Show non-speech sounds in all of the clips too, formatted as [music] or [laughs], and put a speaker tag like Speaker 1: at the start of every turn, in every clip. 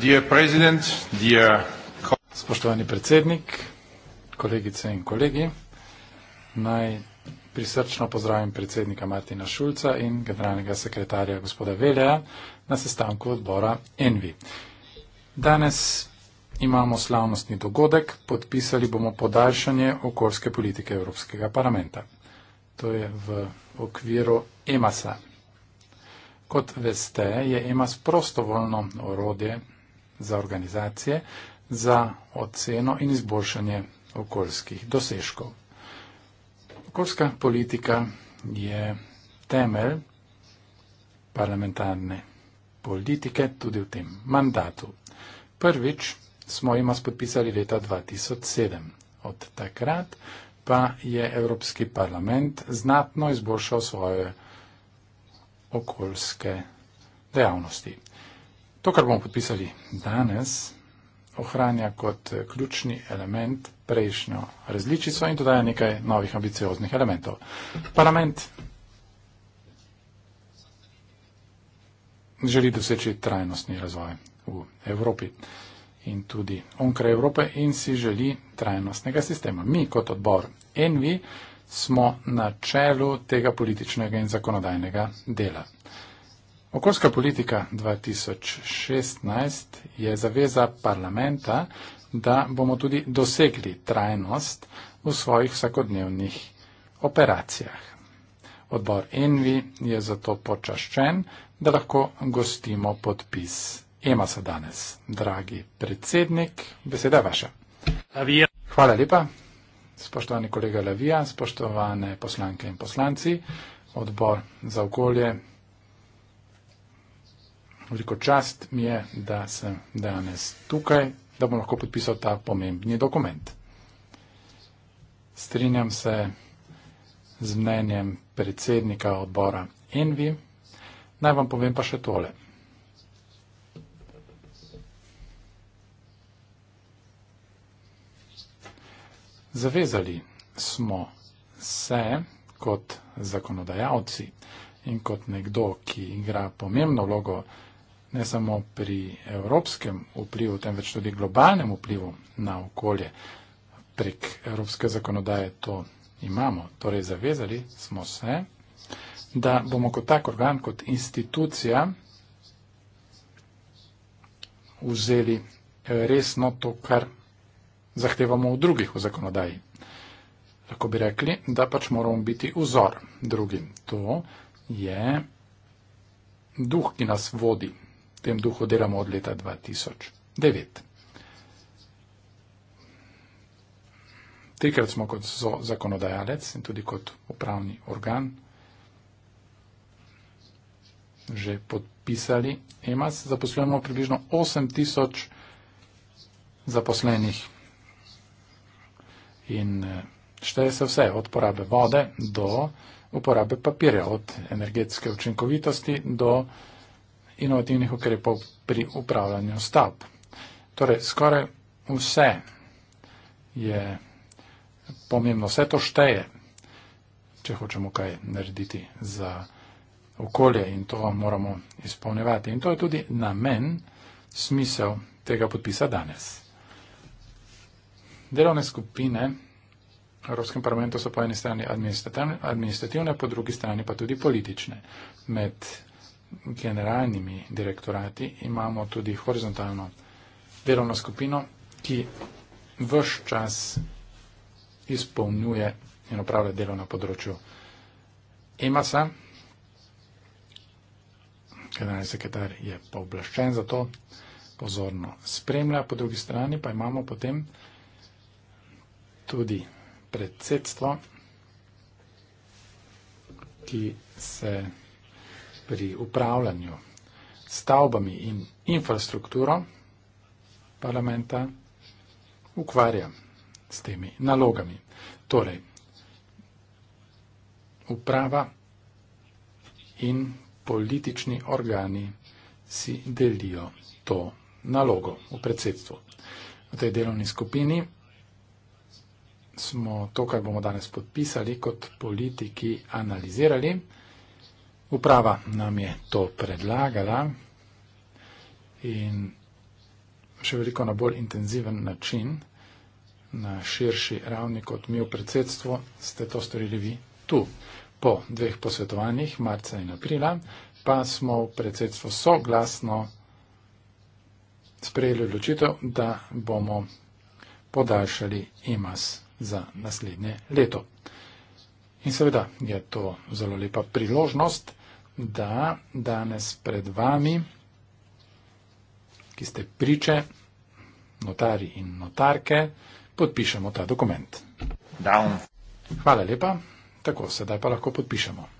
Speaker 1: Dear president, dear... Spoštovani predsednik, kolegice in kolegi, naj prisrčno pozdravim predsednika Martina Šulca in generalnega sekretarja gospoda Veleja na sestanku odbora Envi. Danes imamo slavnostni dogodek, podpisali bomo podaljšanje okoljske politike Evropskega parlamenta. To je v okviru EMAS-a. Kot veste, je EMAS prostovoljno orodje za organizacije za oceno in izboljšanje okoljskih dosežkov. Okoljska politika je temelj parlamentarne politike tudi v tem mandatu. Prvič smo jima spodpisali leta 2007. Od takrat pa je Evropski parlament znatno izboljšal svoje okoljske dejavnosti. To, kar bomo podpisali danes, ohranja kot eh, ključni element prejšnjo različico in dodaja nekaj novih ambicioznih elementov. Parlament želi doseči trajnostni razvoj v Evropi in tudi onkraj Evrope in si želi trajnostnega sistema. Mi kot odbor Envi smo na čelu tega političnega in zakonodajnega dela. Okoljska politika 2016 je zaveza parlamenta, da bomo tudi dosegli trajnost v svojih vsakodnevnih operacijah. Odbor Envi je zato počaščen, da lahko gostimo podpis EMAS-a danes. Dragi predsednik, beseda je vaša. Lavija. Hvala lepa, spoštovani kolega Lavija, spoštovane poslanke in poslanci. Odbor za okolje veliko čast mi je, da sem danes tukaj, da bom lahko podpisal ta pomembni dokument. Strinjam se z mnenjem predsednika odbora Envi. Naj vam povem pa še tole. Zavezali smo se kot zakonodajalci in kot nekdo, ki igra pomembno vlogo ne samo pri evropskem vplivu, temveč tudi globalnem vplivu na okolje. Prek evropske zakonodaje to imamo. Torej, zavezali smo se, da bomo kot tak organ, kot institucija, vzeli resno to, kar zahtevamo v drugih v zakonodaji. Lahko bi rekli, da pač moramo biti vzor drugim. To je duh, ki nas vodi tem duhu delamo od leta 2009. Trikrat smo kot zakonodajalec in tudi kot upravni organ že podpisali EMAS. Zaposlujemo približno 8 tisoč zaposlenih in eh, šteje se vse od porabe vode do uporabe papirja, od energetske učinkovitosti do uh, inovativnih ukrepov pri upravljanju stavb. Torej, skoraj vse je pomembno, vse to šteje, če hočemo kaj narediti za okolje in to moramo izpolnjevati. In to je tudi namen, smisel tega podpisa danes. Delovne skupine v Evropskem parlamentu so po eni strani administrativne, po drugi strani pa tudi politične. Med generalnimi direktorati imamo tudi horizontalno delovno skupino, ki vš čas izpolnjuje in opravlja delo na področju EMAS-a. Generalni sekretar je pa oblaščen za to, pozorno spremlja, po drugi strani pa imamo potem tudi predsedstvo, ki se pri upravljanju stavbami in infrastrukturo parlamenta ukvarja s temi nalogami. Torej, uprava in politični organi si delijo to nalogo v predsedstvu. V tej delovni skupini smo to, kar bomo danes podpisali, kot politiki analizirali. Uprava nam je to predlagala in še veliko na bolj intenziven način, na širši ravni kot mi v predsedstvu, ste to storili vi tu. Po dveh posvetovanjih, marca in aprila, pa smo v predsedstvu soglasno sprejeli odločitev, da bomo podaljšali IMAS e za naslednje leto. In seveda je to zelo lepa priložnost, da danes pred vami, ki ste priče, notari in notarke, podpišemo ta dokument. Down. Hvala lepa. Tako, sedaj pa lahko podpišemo.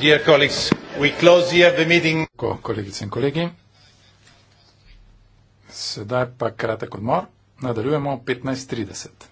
Speaker 1: Dear colleagues, we close here the meeting. Ko, kolegice in kolegi, sedaj pa kratek odmor, nadaljujemo 15.30.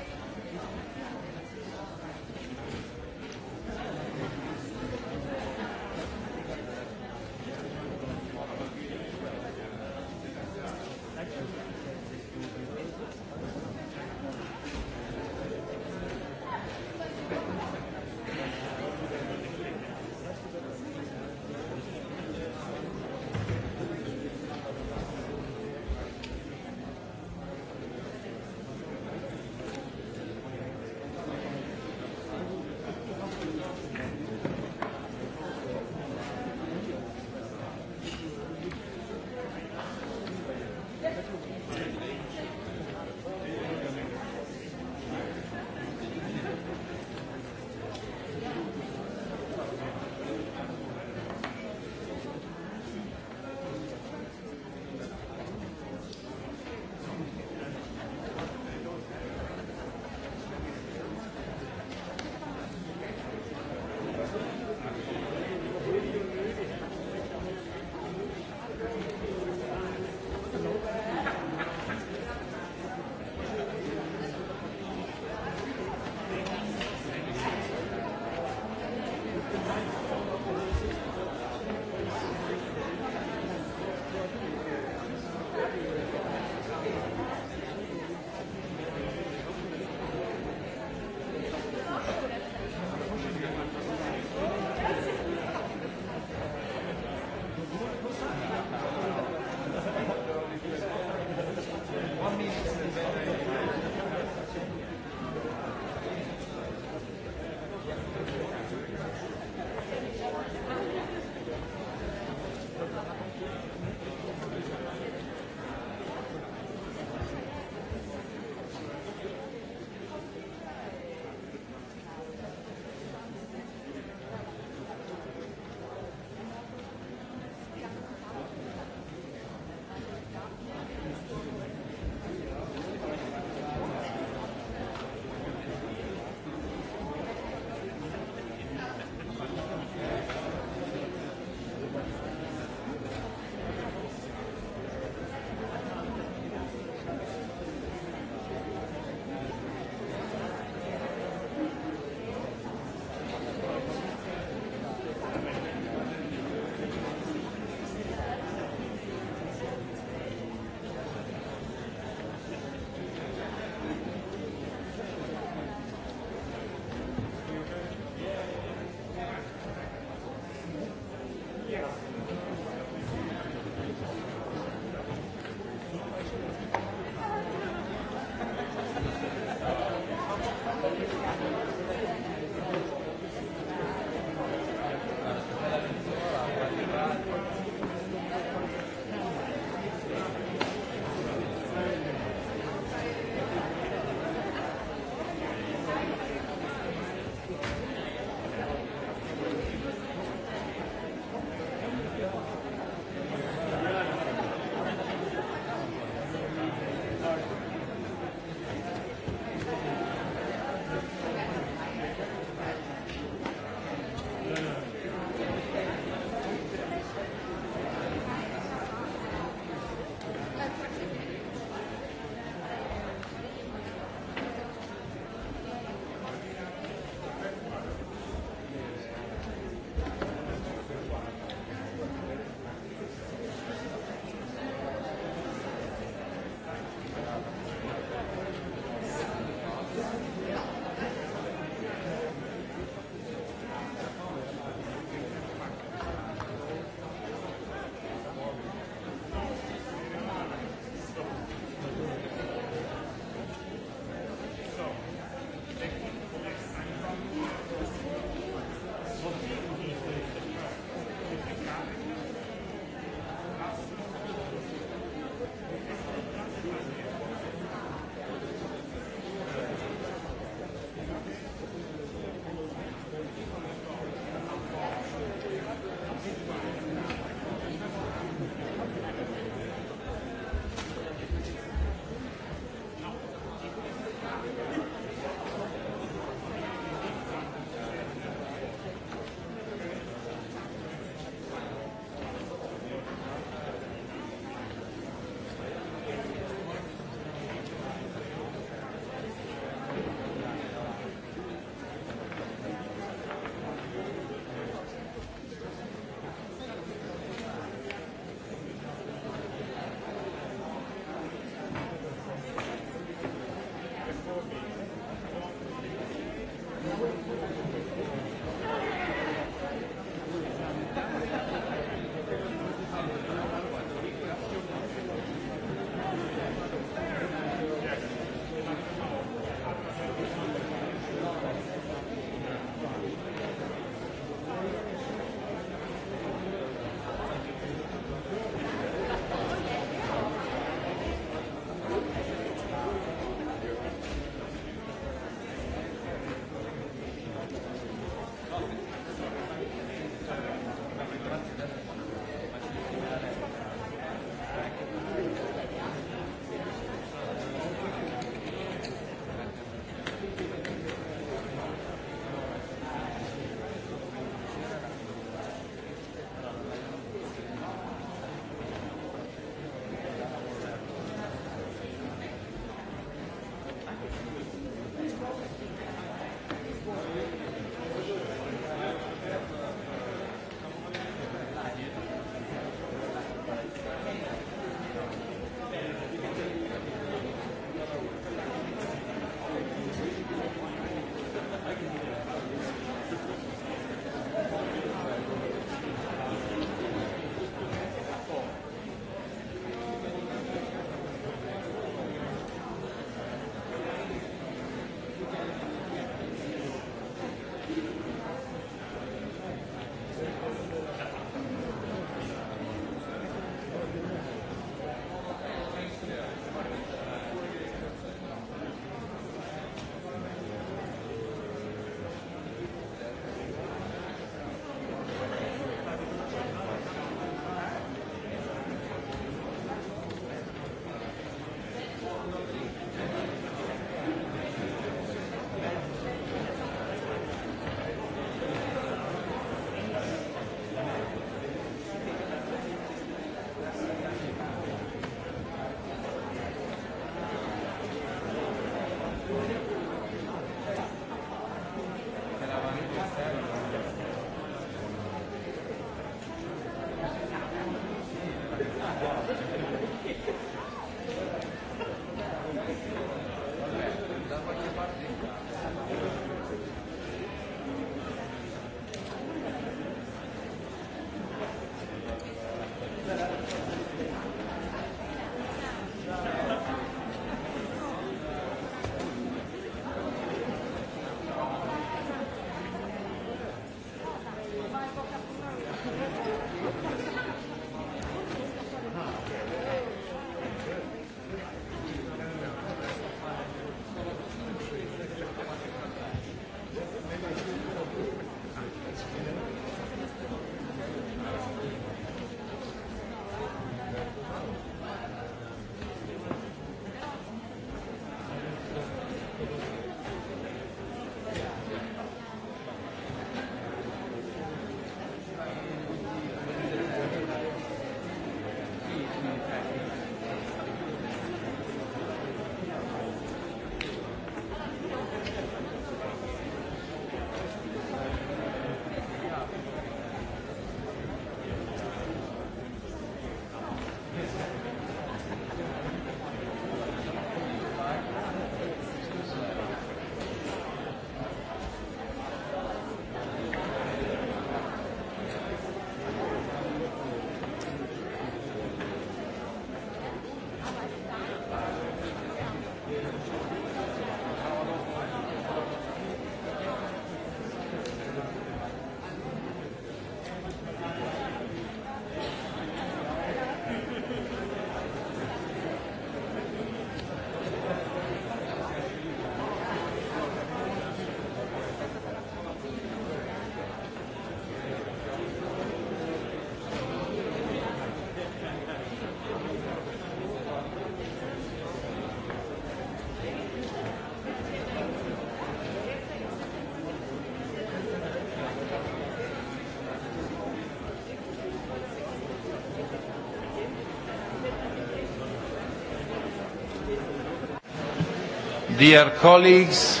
Speaker 1: Dear colleagues,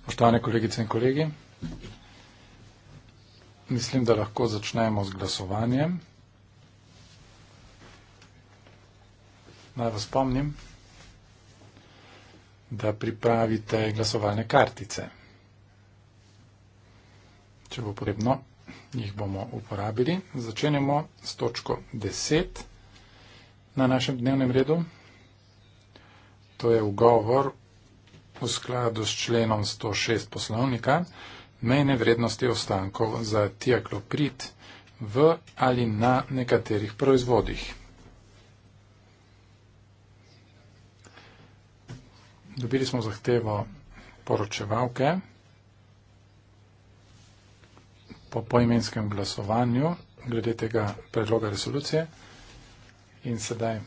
Speaker 1: spoštovane kolegice in kolegi, mislim, da lahko začnemo z glasovanjem. Naj vas spomnim, da pripravite glasovalne kartice. Če bo potrebno, jih bomo uporabili. Začenjamo s točko 10 na našem dnevnem redu to je ugovor v skladu s členom 106 poslovnika, mejne vrednosti ostankov za tiaklopit v ali na nekaterih proizvodih. Dobili smo zahtevo poročevalke po poimenskem glasovanju glede tega predloga resolucije in sedaj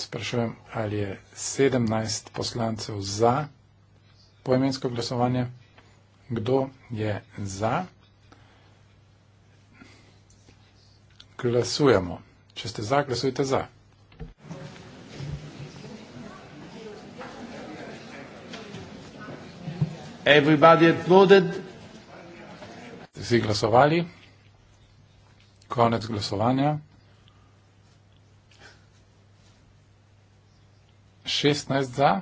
Speaker 1: sprašujem, ali je 17 poslancev za poimensko glasovanje. Kdo je za? Glasujemo. Če ste za, glasujte za. Everybody had voted. Vsi glasovali. Konec glasovanja. 16 za.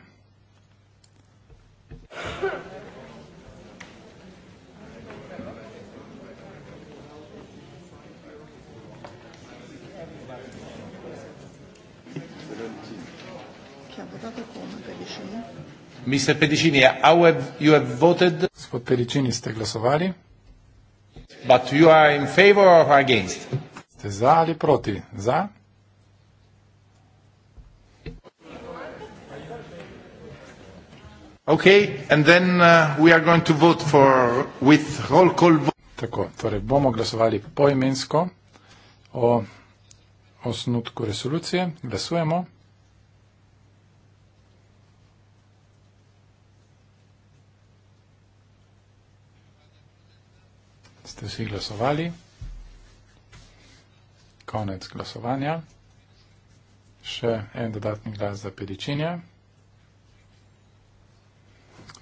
Speaker 1: Mr. Pedicini, have, you have voted. Gospod Pedicini, ste glasovali? But you are in favor or against? Ste za ali proti? Za? Okay, and then uh, we are going to vote for with roll call vote. Tako, torej bomo glasovali poimensko o osnutku resolucije. Glasujemo. Ste vsi glasovali? Konec glasovanja. Še en dodatni glas za pedičinje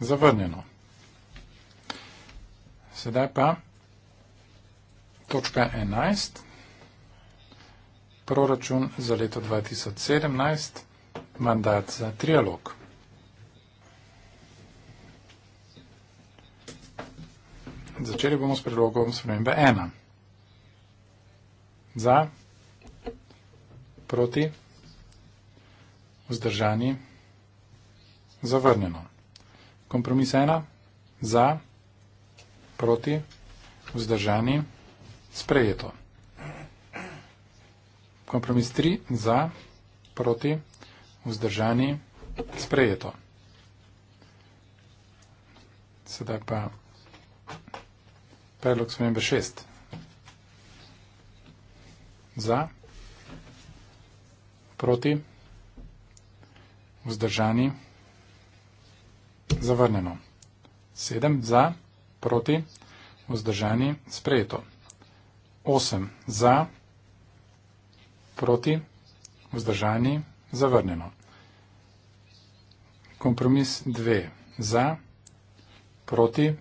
Speaker 1: zavrnjeno. Sedaj pa točka 11, proračun za leto 2017, mandat za trialog. Začeli bomo s predlogom spremembe 1. Za, proti, vzdržani, zavrnjeno. Kompromis ena. Za, proti, vzdržani, sprejeto. Kompromis tri. Za, proti, vzdržani, sprejeto. Sedaj pa predlog spremembe šest. Za, proti, vzdržani, sprejeto zavrnjeno. 7 za, proti, vzdržani, sprejeto. 8 za, proti, vzdržani, zavrnjeno. Kompromis 2 za, proti,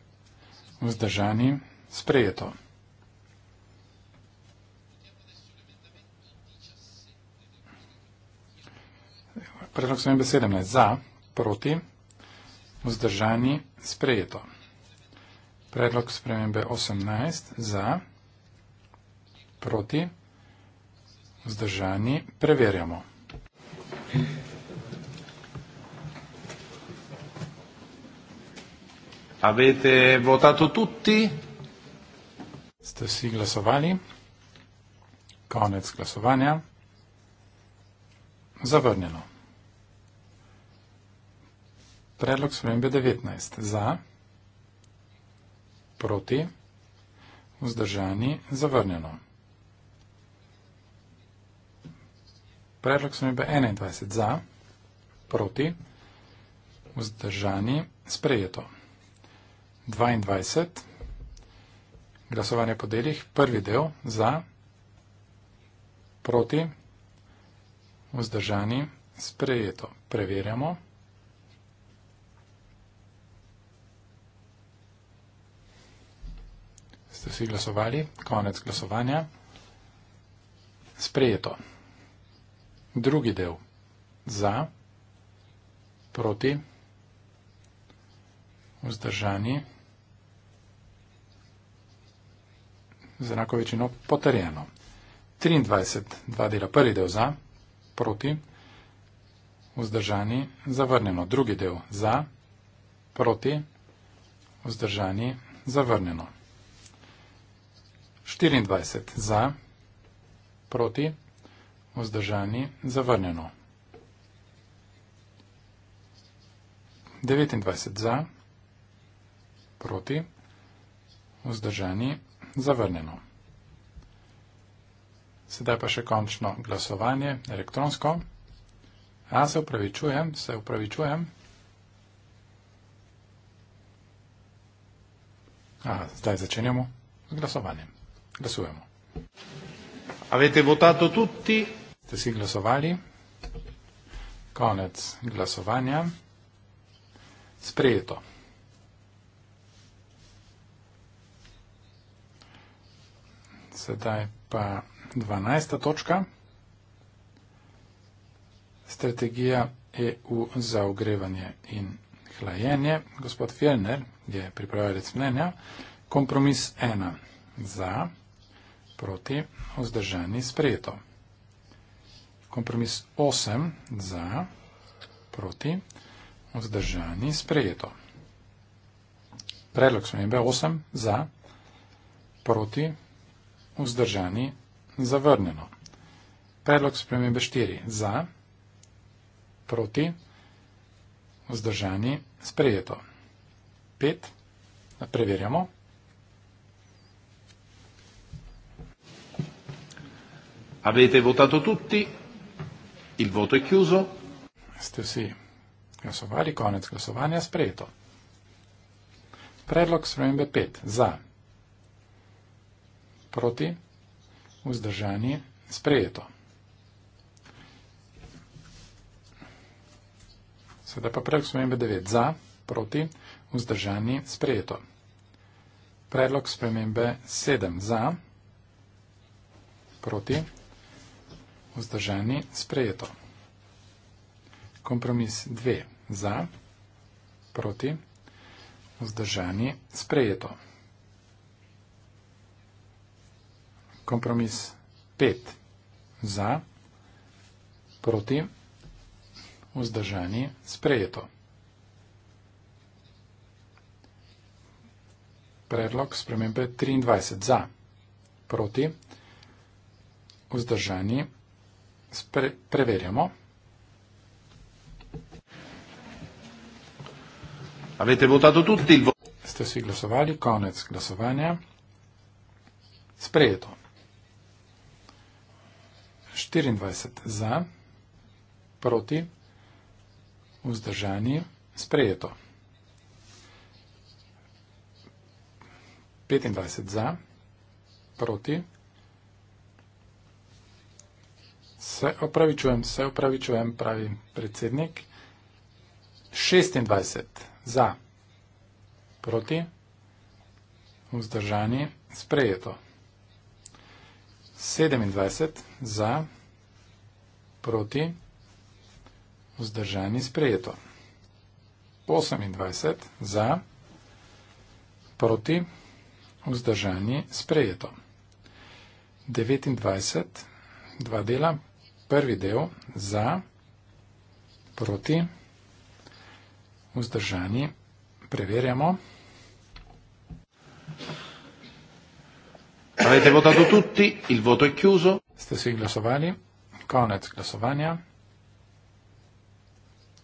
Speaker 1: vzdržani, sprejeto. Predlog sem 17 za, proti, vzdržani, sprejeto vzdržani sprejeto. Predlog spremembe 18 za, proti, vzdržani preverjamo. Avete votato tutti? Ste vsi glasovali? Konec glasovanja. Zavrnjeno. Predlog spremembe 19. Za, proti, vzdržani, zavrnjeno. Predlog spremembe 21. Za, proti, vzdržani, sprejeto. 22. Glasovanje po delih. Prvi del. Za, proti, vzdržani, sprejeto. Preverjamo. Preverjamo. ste vsi glasovali, konec glasovanja. Sprejeto. Drugi del. Za, proti, vzdržani, zrako večino potrjeno. 23, dva dela. Prvi del za, proti, vzdržani, zavrnjeno. Drugi del za, proti, vzdržani, zavrnjeno. 24 za, proti, vzdržani, zavrnjeno. 29 za, proti, vzdržani, zavrnjeno. Sedaj pa še končno glasovanje elektronsko. A se upravičujem, se upravičujem. A, zdaj začenjamo z glasovanjem. Glasujemo. Avete votato tutti? Ste si glasovali? Konec glasovanja. Sprejeto. Sedaj pa 12. točka. Strategija EU za ogrevanje in hlajenje. Gospod Fjellner je pripravljalec mnenja. Kompromis 1 za proti, vzdržani sprejeto. Kompromis 8 za, proti, vzdržani sprejeto. Predlog smembe 8 za, proti, vzdržani zavrnjeno. Predlog spremembe 4 za, proti, vzdržani sprejeto. 5. Preverjamo. Avete votato tutti? Il voto è chiuso? Ste sì. Glasovali konec glasovanja sprejeto. Predlog spremembe 5. Za. Proti. Vzdržani. Sprejeto. Sedaj pa predlog spremembe 9. Za. Proti. Vzdržani. Sprejeto. Predlog spremembe 7. Za. Proti vzdržani, sprejeto. Kompromis 2. Za, proti, vzdržani, sprejeto. Kompromis 5. Za, proti, vzdržani, sprejeto. Predlog spremembe 23. Za, proti, vzdržani, sprejeto. Spre preverjamo. Avete votato tutti il voto? Ste si glasovali, konec glasovanja. Sprejeto. 24 za, proti, vzdržani, sprejeto. 25 za, proti, vzdržani. Se opravičujem, se opravičujem, pravi predsednik. 26 za, proti, vzdržani, sprejeto. 27 za, proti, vzdržani, sprejeto. 28 za, proti, vzdržani, sprejeto. 29, dva dela, prvi del za, proti, vzdržani, preverjamo. Avete votato tutti, il voto è chiuso. Ste si glasovali, konec glasovanja,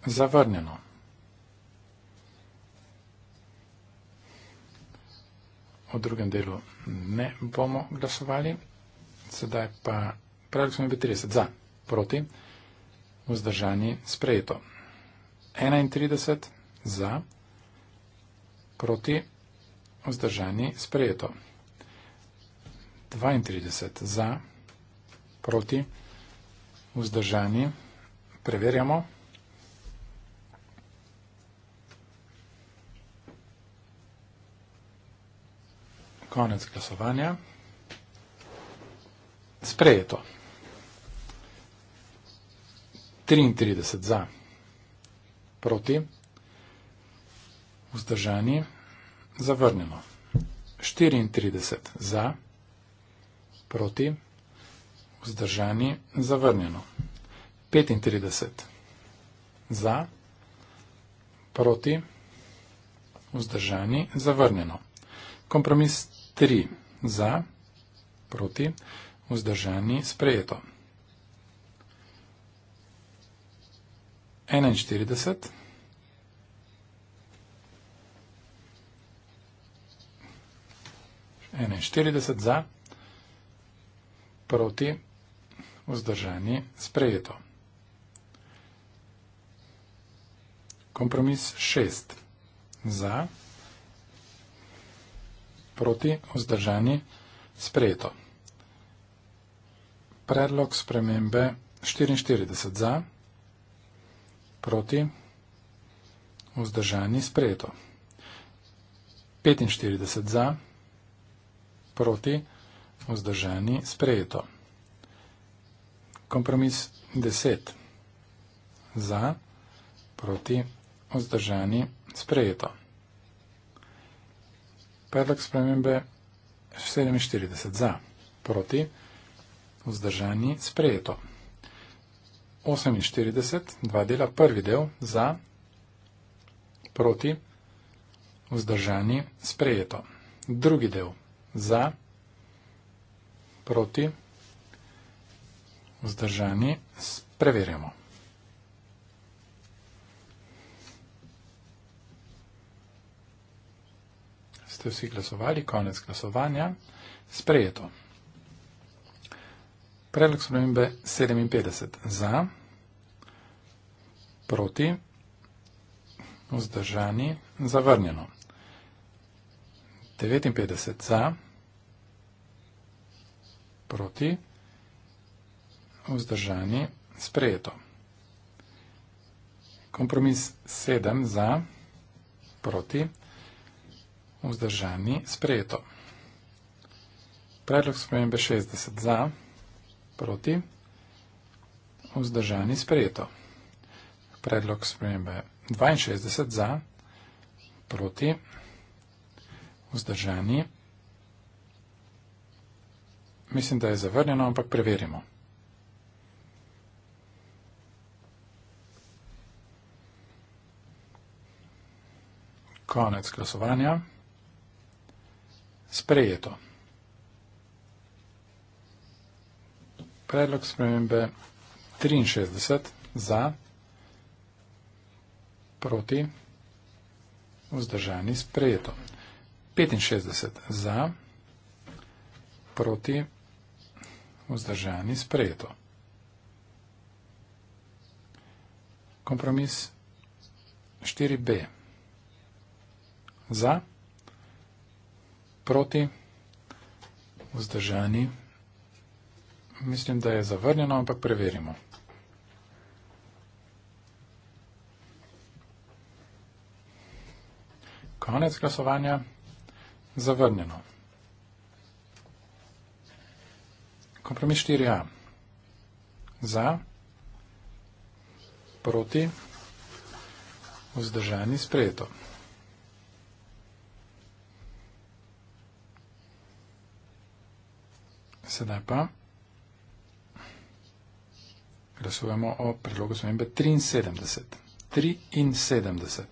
Speaker 1: zavrnjeno. O drugem delu ne bomo glasovali, sedaj pa pravi smo biti 30 za proti, vzdržani sprejeto. 31 za, proti, vzdržani sprejeto. 32 za, proti, vzdržani, preverjamo. 33 za, proti, vzdržani, zavrnjeno. 34 za, proti, vzdržani, zavrnjeno. 35 za, proti, vzdržani, zavrnjeno. Kompromis 3 za, proti, vzdržani, sprejeto. 41. Ene 40 za, proti, vzdržani, sprejeto. Kompromis 6 za, proti, vzdržani, sprejeto. Predlog spremembe 44 za, proti, vzdržani, sprejeto proti, vzdržani, sprejeto. 45 za, proti, vzdržani, sprejeto. Kompromis 10 za, proti, vzdržani, sprejeto. Predlog spremembe 47 za, proti, vzdržani, sprejeto. 48, dva dela, prvi del za, proti, vzdržani, sprejeto. Drugi del za, proti, vzdržani, preverjamo. Ste vsi glasovali, konec glasovanja, sprejeto. Predlog spremembe 57 za, proti, vzdržani, zavrnjeno. 59 za, proti, vzdržani, sprejeto. Kompromis 7 za, proti, vzdržani, sprejeto. Predlog spremembe 60 za, proti, vzdržani, sprejeto proti, vzdržani sprejeto. Predlog spremembe 62 za, proti, vzdržani. Mislim, da je zavrnjeno, ampak preverimo. Konec glasovanja. Sprejeto. predlog spremembe 63 za, proti, vzdržani sprejeto. 65 za, proti, vzdržani sprejeto. Kompromis 4b za, proti, vzdržani sprejeto mislim, da je zavrnjeno, ampak preverimo. Konec glasovanja. Zavrnjeno. Kompromis 4a. Za, proti, vzdržani, sprejeto. Sedaj pa. Glasujemo o predlogu spremembe 73. 73.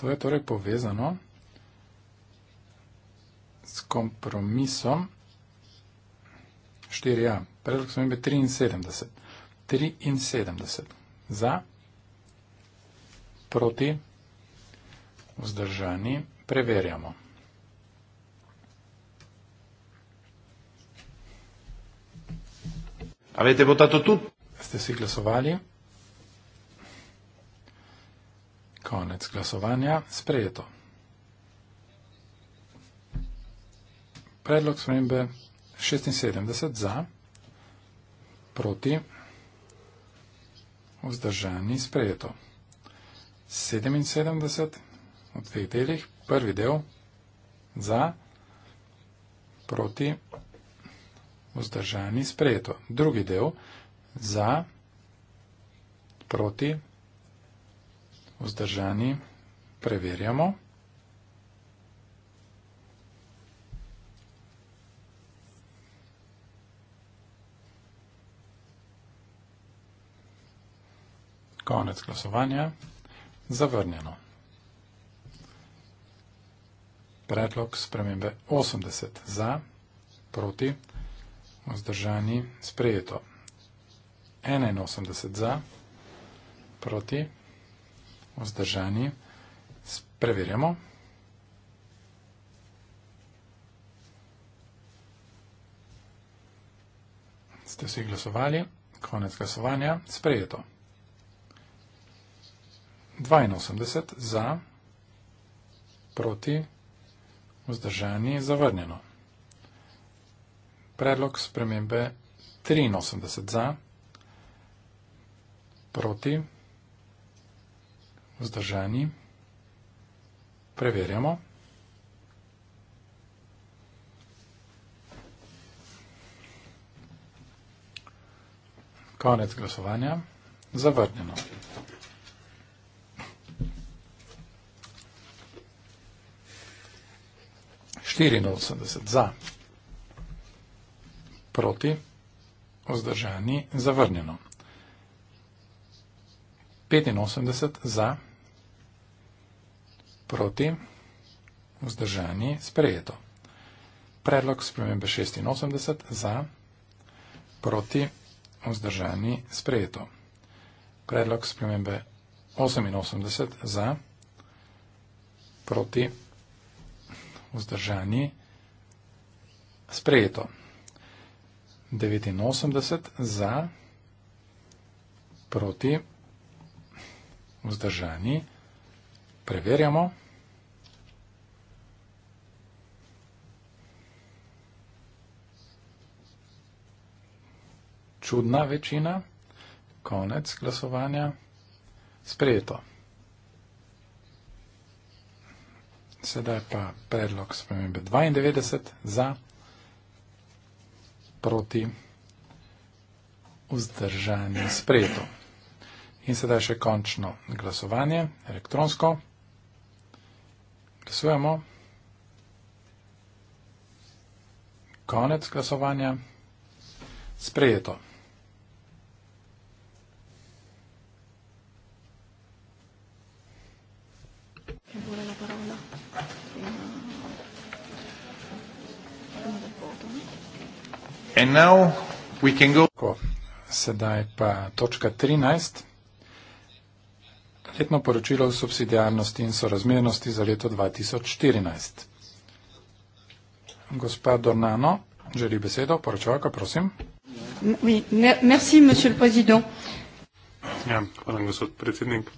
Speaker 1: To je torej povezano s kompromisom 4a. Predlog spremembe 73. 73. Za proti, vzdržani, preverjamo. Avete votato tutti? Ste si glasovali? Konec glasovanja, sprejeto. Predlog spremembe 76 za, proti, vzdržani, sprejeto. 77 v dveh delih, prvi del za, proti, vzdržani, sprejeto. Drugi del za, proti, vzdržani, preverjamo. Konec glasovanja zavrnjeno. Predlog spremembe 80 za, proti, vzdržani sprejeto. 81 za, proti, vzdržani, preverjamo. Ste vsi glasovali, konec glasovanja, sprejeto. 82 za, proti, vzdržani, zavrnjeno. Predlog spremembe 83 za, proti, vzdržani, preverjamo. Konec glasovanja, zavrnjeno. 84 za, proti, vzdržani, zavrnjeno. 85 za, proti, vzdržani, sprejeto. Predlog spremembe 86 za, proti, vzdržani, sprejeto. Predlog spremembe 88 za, proti, vzdržani, sprejeto vzdržani, sprejeto 89 za, proti vzdržani, preverjamo. Čudna večina, konec glasovanja, sprejeto Sedaj pa predlog spremembe 92 za, proti, vzdržanje sprejeto. In sedaj še končno glasovanje, elektronsko. Glasujemo. Konec glasovanja. Sprejeto. Hvala. Ko, sedaj pa točka 13. Letno poročilo o subsidijarnosti in sorazmernosti za leto 2014. Gospa Dornano, želi besedo, poročavka, prosim. Ja, hvala,
Speaker 2: gospod predsednik.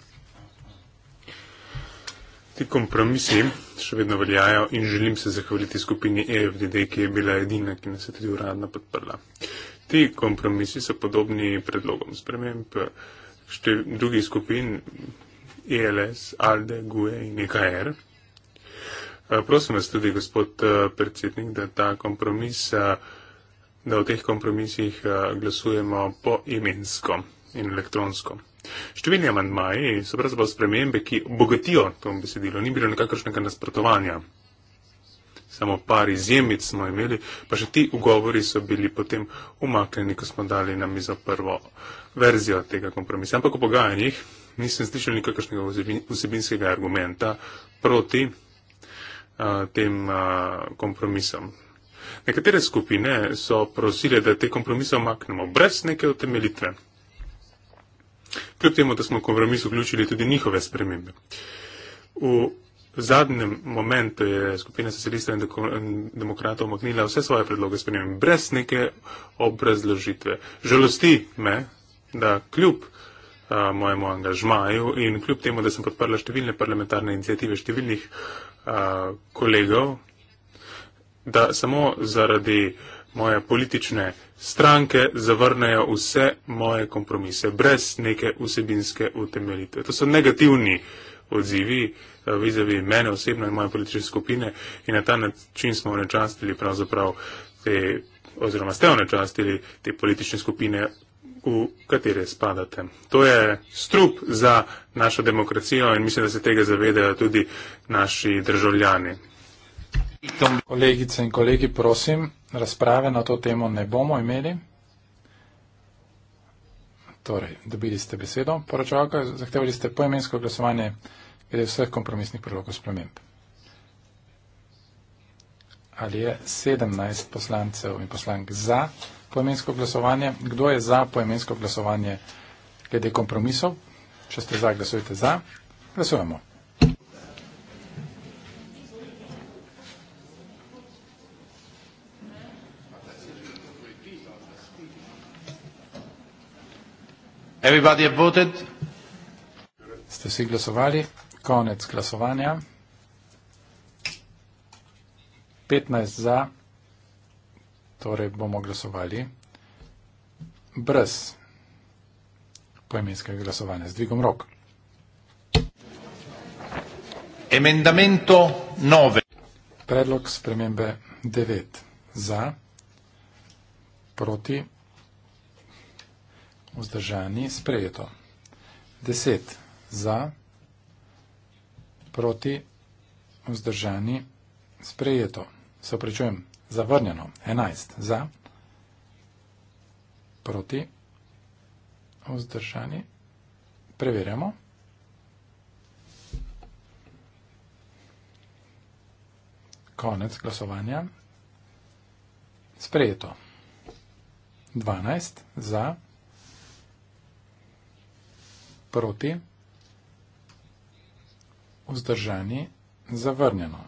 Speaker 2: Ti kompromisi še vedno veljajo in želim se zahvaliti skupini EFDD, ki je bila edina, ki nas je tudi uradno podprla. Ti kompromisi so podobni predlogom sprememb drugih skupin ELS, ALDE, GUE in EKR. Eh, prosim vas tudi, gospod eh, predsednik, da, ta kompromis, eh, da o teh kompromisih glasujemo poimensko in elektronsko. Številni amantmaji so pravzaprav spremembe, ki obogatijo to besedilo. Ni bilo nekakršnega nasprotovanja. Samo par izjemic smo imeli, pa še ti ugovori so bili potem umaknjeni, ko smo dali na mizo prvo verzijo tega kompromisa. Ampak v pogajanjih nisem slišal nikakršnega vsebinskega argumenta proti a, tem a, kompromisom. Nekatere skupine so prosile, da te kompromise omaknemo brez neke utemelitve kljub temu, da smo v kompromis vključili tudi njihove spremembe. V zadnjem momentu je skupina socialistov in demokratov omaknila vse svoje predloge sprememb brez neke obrazložitve. Žalosti me, da kljub a, mojemu angažmaju in kljub temu, da sem podprla številne parlamentarne inicijative številnih a, kolegov, da samo zaradi moje politične stranke zavrnejo vse moje kompromise brez neke vsebinske utemeljitve. To so negativni odzivi eh, vizavi mene osebno in moje politične skupine in na ta način smo onečastili pravzaprav te, oziroma ste onečastili te politične skupine, v katere spadate. To je strup za našo demokracijo in mislim, da se tega zavedajo tudi naši državljani.
Speaker 1: Kolegice in kolegi, prosim razprave na to temo ne bomo imeli. Torej, dobili ste besedo, poročavka, zahtevali ste poimensko glasovanje glede vseh kompromisnih predlogov sprememb. Ali je 17 poslancev in poslank za poimensko glasovanje? Kdo je za poimensko glasovanje glede kompromisov? Če ste za, glasujte za. Glasujemo. Everybody have voted? Ste vsi glasovali? Konec glasovanja. 15 za, torej bomo glasovali brez poimenskega glasovanja z dvigom rok. Emendamento 9. Predlog spremembe 9 za, proti vzdržani, sprejeto. 10 za, proti, vzdržani, sprejeto. Se oprečujem, zavrnjeno. 11 za, proti, vzdržani, preverjamo. Konec glasovanja. Sprejeto. 12 za, proti, vzdržani, sprejeto proti, vzdržani, zavrnjeno.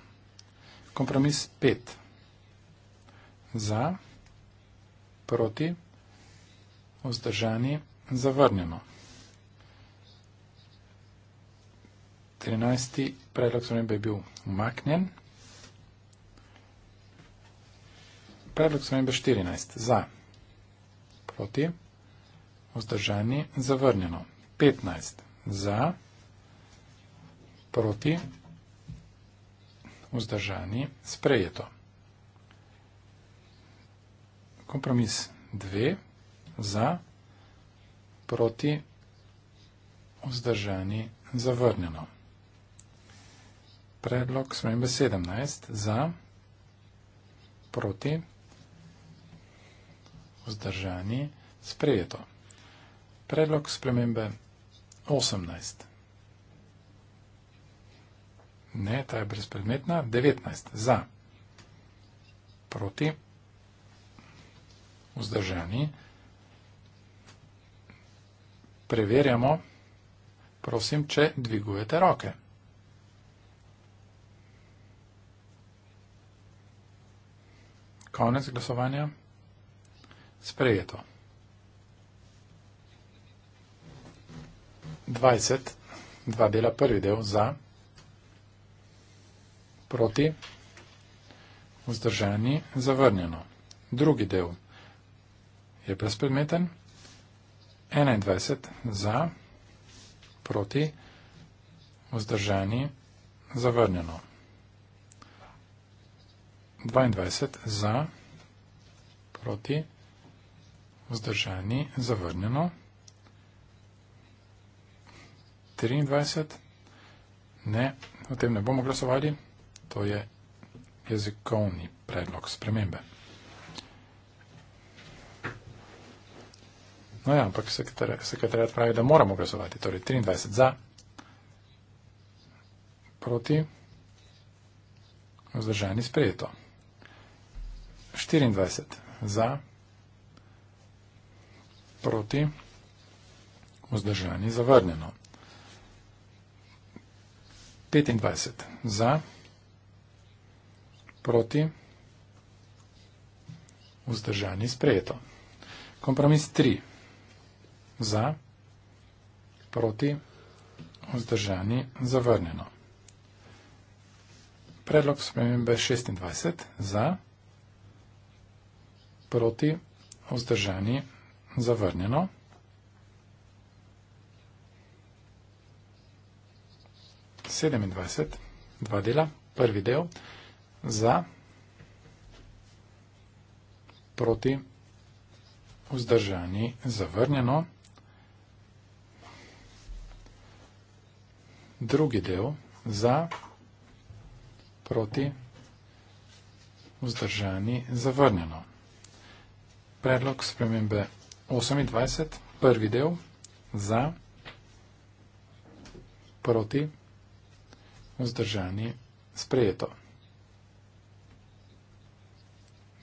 Speaker 1: Kompromis 5. Za, proti, vzdržani, zavrnjeno. 13. predlog svojembe je bil umaknjen. Predlog svojembe 14. Za, proti, vzdržani, zavrnjeno. 15. 15 za, proti, vzdržani, sprejeto. Kompromis 2 za, proti, vzdržani, zavrnjeno. Predlog smembe 17 za, proti, vzdržani, sprejeto. Sprejeto. Predlog spremembe 18. Ne, ta je brezpredmetna. 19. Za. Proti. Vzdržani. Preverjamo, prosim, če dvigujete roke. Konec glasovanja. Sprejeto. 20, dva dela, prvi del za, proti, vzdržani, zavrnjeno. Drugi del je brezpredmeten, 21 za, proti, vzdržani, zavrnjeno. 22 za, proti, vzdržani, zavrnjeno. 23. Ne, o tem ne bomo glasovali. To je jezikovni predlog spremembe. No ja, ampak sekretariat pravi, da moramo glasovati. Torej 23 za, proti, vzdržani sprejeto. 24 za, proti, vzdržani zavrnjeno. 25 za, proti, vzdržani, sprejeto. Kompromis 3 za, proti, vzdržani, zavrnjeno. Predlog spremembe 26 za, proti, vzdržani, zavrnjeno. Zavrnjeno. 27, dva dela, prvi del za proti vzdržani zavrnjeno, drugi del za proti vzdržani zavrnjeno. Predlog spremembe 28, prvi del za proti vzdržani zavrnjeno vzdržani, sprejeto.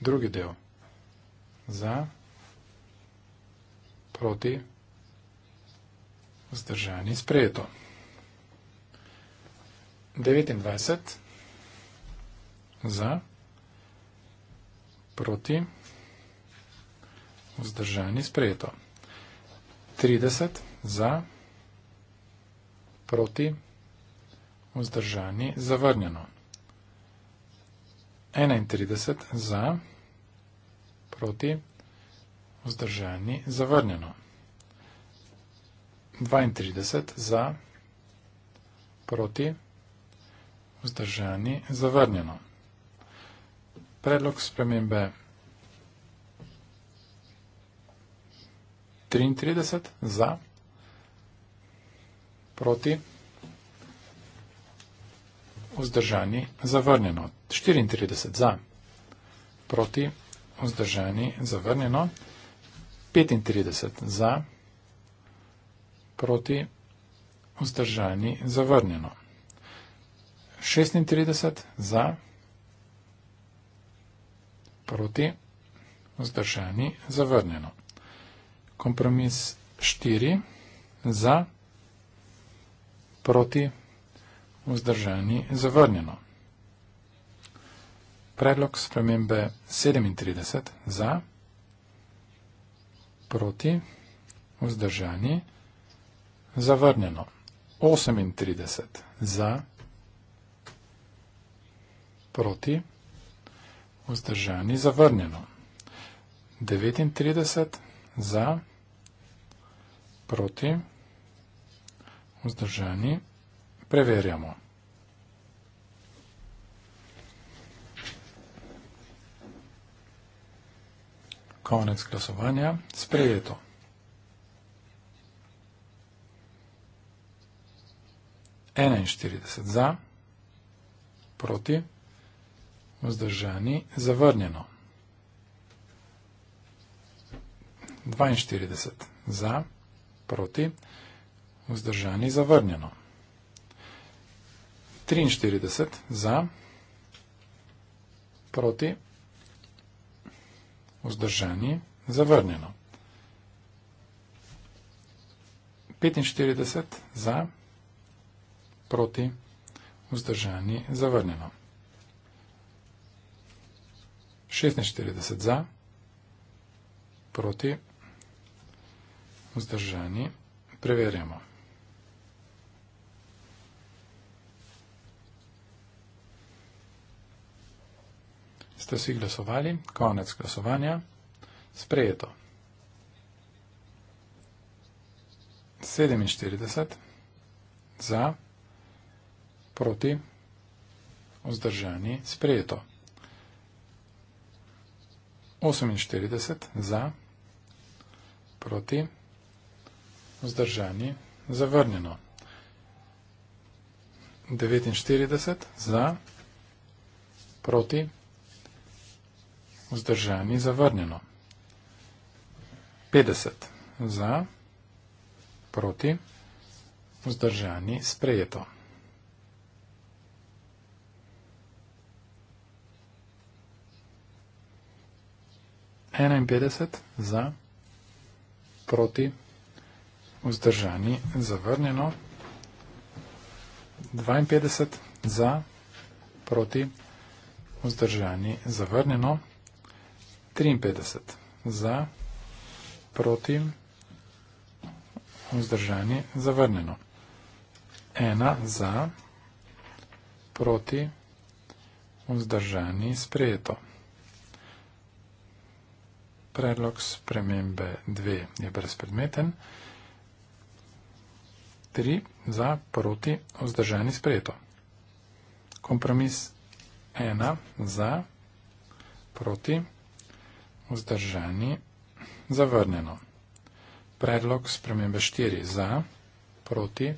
Speaker 1: Drugi del. Za, proti, vzdržani, sprejeto. 29. Za, proti, vzdržani, sprejeto. 30. Za, proti, vzdržani, sprejeto vzdržani, zavrnjeno. 31 za, proti, vzdržani, zavrnjeno. 32 za, proti, vzdržani, zavrnjeno. Predlog spremembe 33 za, proti, vzdržani, zavrnjeno vzdržani, zavrnjeno, 34 za, proti, vzdržani, zavrnjeno, 35 za, proti, vzdržani, zavrnjeno, 36 za, proti, vzdržani, zavrnjeno. Kompromis 4 za, proti, vzdržani, zavrnjeno vzdržani zavrnjeno. Predlog spremembe 37 za, proti, vzdržani zavrnjeno. 38 za, proti, vzdržani zavrnjeno. 39 za, proti, vzdržani zavrnjeno preverjamo. Konec glasovanja. Sprejeto. Enainštirideset za, proti, vzdržani, zavrnjeno. Dvainštirideset za, proti, vzdržani, zavrnjeno. 43 za, proti, vzdržani, zavrnjeno. 45 za, proti, vzdržani, zavrnjeno. 46 za, proti, vzdržani, preverjamo. ste vsi glasovali, konec glasovanja, sprejeto. 47 za, proti, vzdržani, sprejeto. 48 za, proti, vzdržani, zavrnjeno. 49 za, proti, vzdržani vzdržani zavrnjeno. 50 za, proti, vzdržani sprejeto. Ena in petdeset za, proti, vzdržani, zavrnjeno. Dva in petdeset za, proti, vzdržani, zavrnjeno. Dva in petdeset za, proti, vzdržani, zavrnjeno. 53 za, proti, vzdržani, zavrnjeno. 1 za, proti, vzdržani, sprejeto. Predlog spremembe 2 je brezpredmeten. 3 za, proti, vzdržani, sprejeto. Kompromis 1 za, proti, vzdržani, sprejeto vzdržani, zavrnjeno. Predlog spremembe 4 za, proti,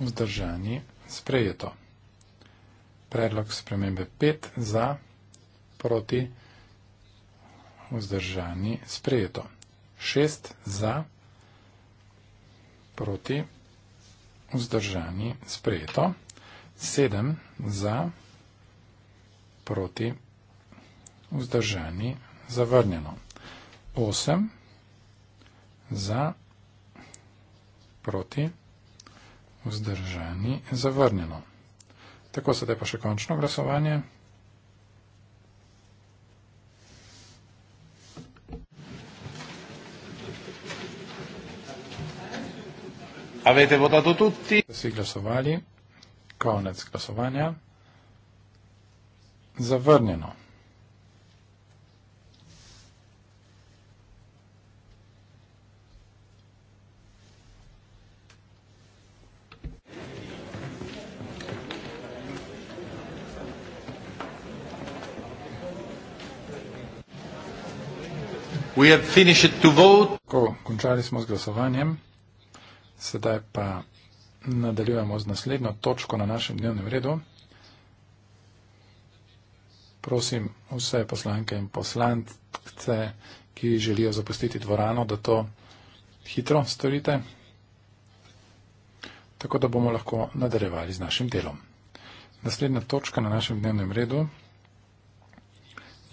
Speaker 1: vzdržani, sprejeto. Predlog spremembe 5 za, proti, vzdržani, sprejeto. 6 za, proti, vzdržani, sprejeto. 7 za, proti, vzdržani vzdržani, zavrnjeno. 8 za, proti, vzdržani, zavrnjeno. Tako sedaj pa še končno glasovanje. Avete votato tutti? Vsi glasovali, konec glasovanja, zavrnjeno. We have finished to vote. Ko končali smo z glasovanjem, sedaj pa nadaljujemo z naslednjo točko na našem dnevnem redu. Prosim vse poslanke in poslance, ki želijo zapustiti dvorano, da to hitro storite, tako da bomo lahko nadaljevali z našim delom. Naslednja točka na našem dnevnem redu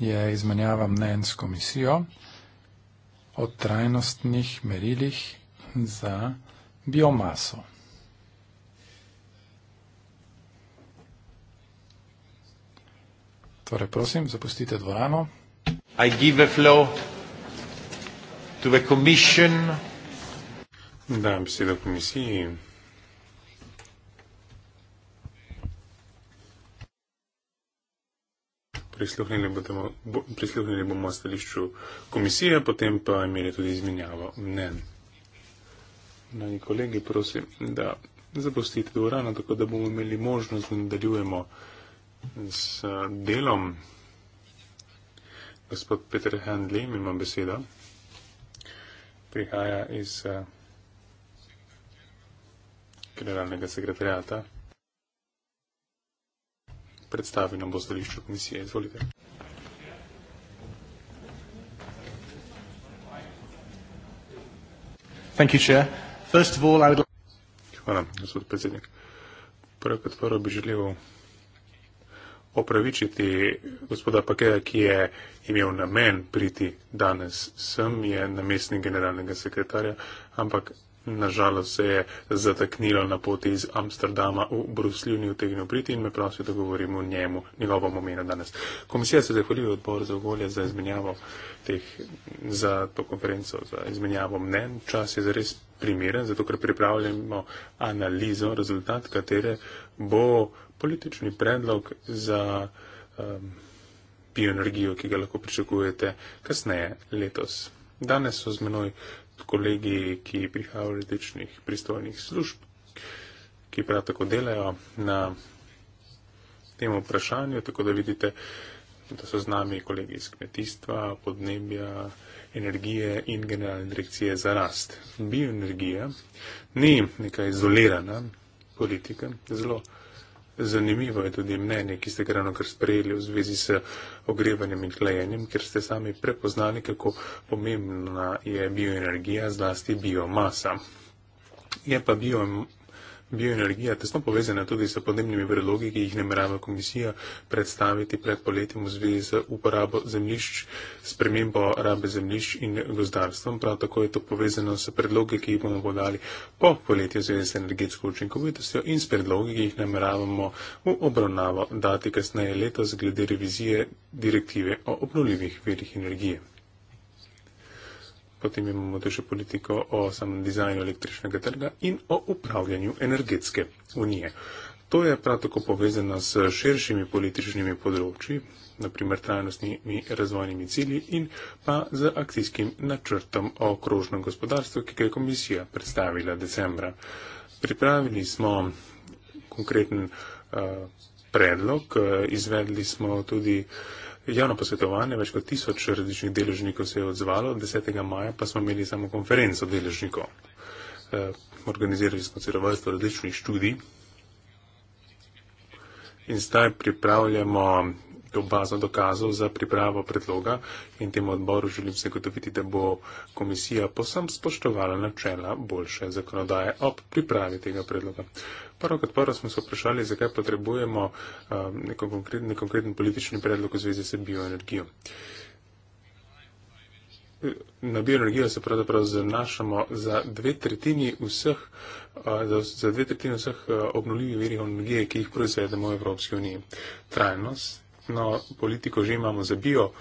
Speaker 1: je izmenjava mnen s komisijo o trajnostnih merilih za biomaso. Torej, prosim, zapustite dvorano. I give a flow
Speaker 2: to the commission. Dam besedo komisiji. prisluhnili, bodemo, bo, prisluhnili bomo stališču komisije, potem pa imeli tudi izmenjavo mnen. Naj kolegi prosim, da zapustite dvorano, tako da bomo imeli možnost, da nadaljujemo s delom. Gospod Peter Handley ima besedo. Prihaja iz eh, generalnega sekretarjata predstavi nam bo zdališče komisije. Izvolite. Thank you, Chair. First of all, I would Hvala, gospod predsednik. Prvo kot prvo bi želel opravičiti gospoda Pakeja, ki je imel namen priti danes sem, je namestnik generalnega sekretarja, ampak Nažalost se je zataknila na poti iz Amsterdama v Bruslju, ni utegnil priti in me prosil, da govorim o njemu, njegovem omenu danes. Komisija se zahvaljuje odboru za okolje za izmenjavo teh, za to konferenco, za izmenjavo mnen. Čas je zares primeren, zato ker pripravljamo analizo, rezultat katere bo politični predlog za um, bioenergijo, ki ga lahko pričakujete kasneje letos. Danes so z menoj kolegi, ki prihajajo iz različnih pristojnih služb, ki prav tako delajo na tem vprašanju, tako da vidite, da so z nami kolegi iz kmetijstva, podnebja, energije in generalne direkcije za rast. Bioenergija ni neka izolirana politika, zelo. Zanimivo je tudi mnenje, ki ste ga ravno kar sprejeli v zvezi s ogrevanjem in hlajenjem, ker ste sami prepoznali, kako pomembna je bioenergija, zlasti biomasa. Je pa bio, bioenergija tesno povezana tudi s podnebnimi predlogi, ki jih namerava komisija predstaviti pred poletjem v zvezi z uporabo zemljišč, spremembo rabe zemljišč in gozdarstvom. Prav tako je to povezano s predlogi, ki jih bomo podali po poletju v zvezi z energetsko učinkovitostjo in s predlogi, ki jih nameravamo v obravnavo dati kasneje letos glede revizije direktive o obnovljivih verjih energije potem imamo tu še politiko o samem dizajnu električnega trga in o upravljanju energetske unije. To je prav tako povezano s širšimi političnimi področji, naprimer trajnostnimi razvojnimi cilji in pa z akcijskim načrtom o krožnem gospodarstvu, ki ga je komisija predstavila decembra. Pripravili smo konkreten uh, predlog, uh, izvedli smo tudi uh, javno posvetovanje, več kot tisoč različnih deležnikov se je odzvalo, 10. maja pa smo imeli samo konferenco deležnikov. Eh, organizirali smo celo vrsto različnih študij in zdaj pripravljamo to bazo dokazov za pripravo predloga in temu odboru želim zagotoviti, da bo komisija posem spoštovala načela boljše zakonodaje ob pripravi tega predloga. Prvo kot prvo smo se vprašali, zakaj potrebujemo um, neko konkreten, neko konkreten politični predlog v zvezi s bioenergijo. Na bioenergijo se pravzaprav zanašamo za dve tretjini vseh, uh, za, za vseh uh, obnovljivih verjev energije, ki jih proizvedemo v Evropski uniji. Trajnost celotno politiko že imamo za bio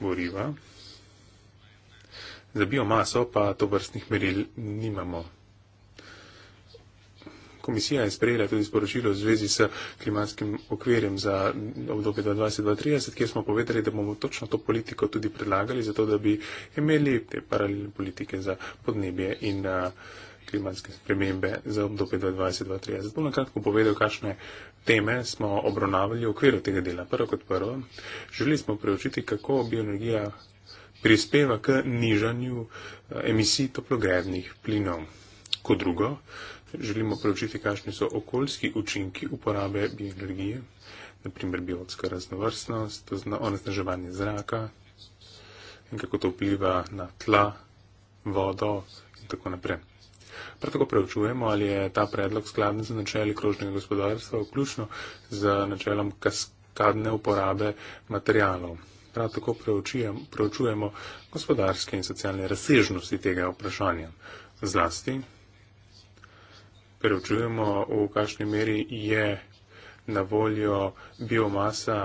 Speaker 2: goriva, za biomaso pa to vrstnih meril nimamo. Komisija je sprejela tudi sporočilo v zvezi s klimatskim okvirjem za obdobje do 2020-2030, kjer smo povedali, da bomo točno to politiko tudi predlagali, zato da bi imeli te paralelne politike za podnebje in uh, klimatske spremembe za obdobje 2020-2030. Bom nakratko povedal, kakšne teme smo obravnavali v okviru tega dela. Prvo kot prvo, želeli smo preučiti, kako bioenergija prispeva k nižanju eh, emisij toplogrednih plinov. Kot drugo, želimo preučiti, kakšni so okoljski učinki uporabe bioenergije, naprimer biotska raznovrstnost, onesnaževanje zraka in kako to vpliva na tla, vodo in tako naprej. Prav tako preučujemo, ali je ta predlog skladen z načeli krožnega gospodarstva, vključno z načelom kaskadne uporabe materijalov. Prav tako preučujemo, preučujemo gospodarske in socialne razsežnosti tega vprašanja. Zlasti preučujemo, v kakšni meri je na voljo biomasa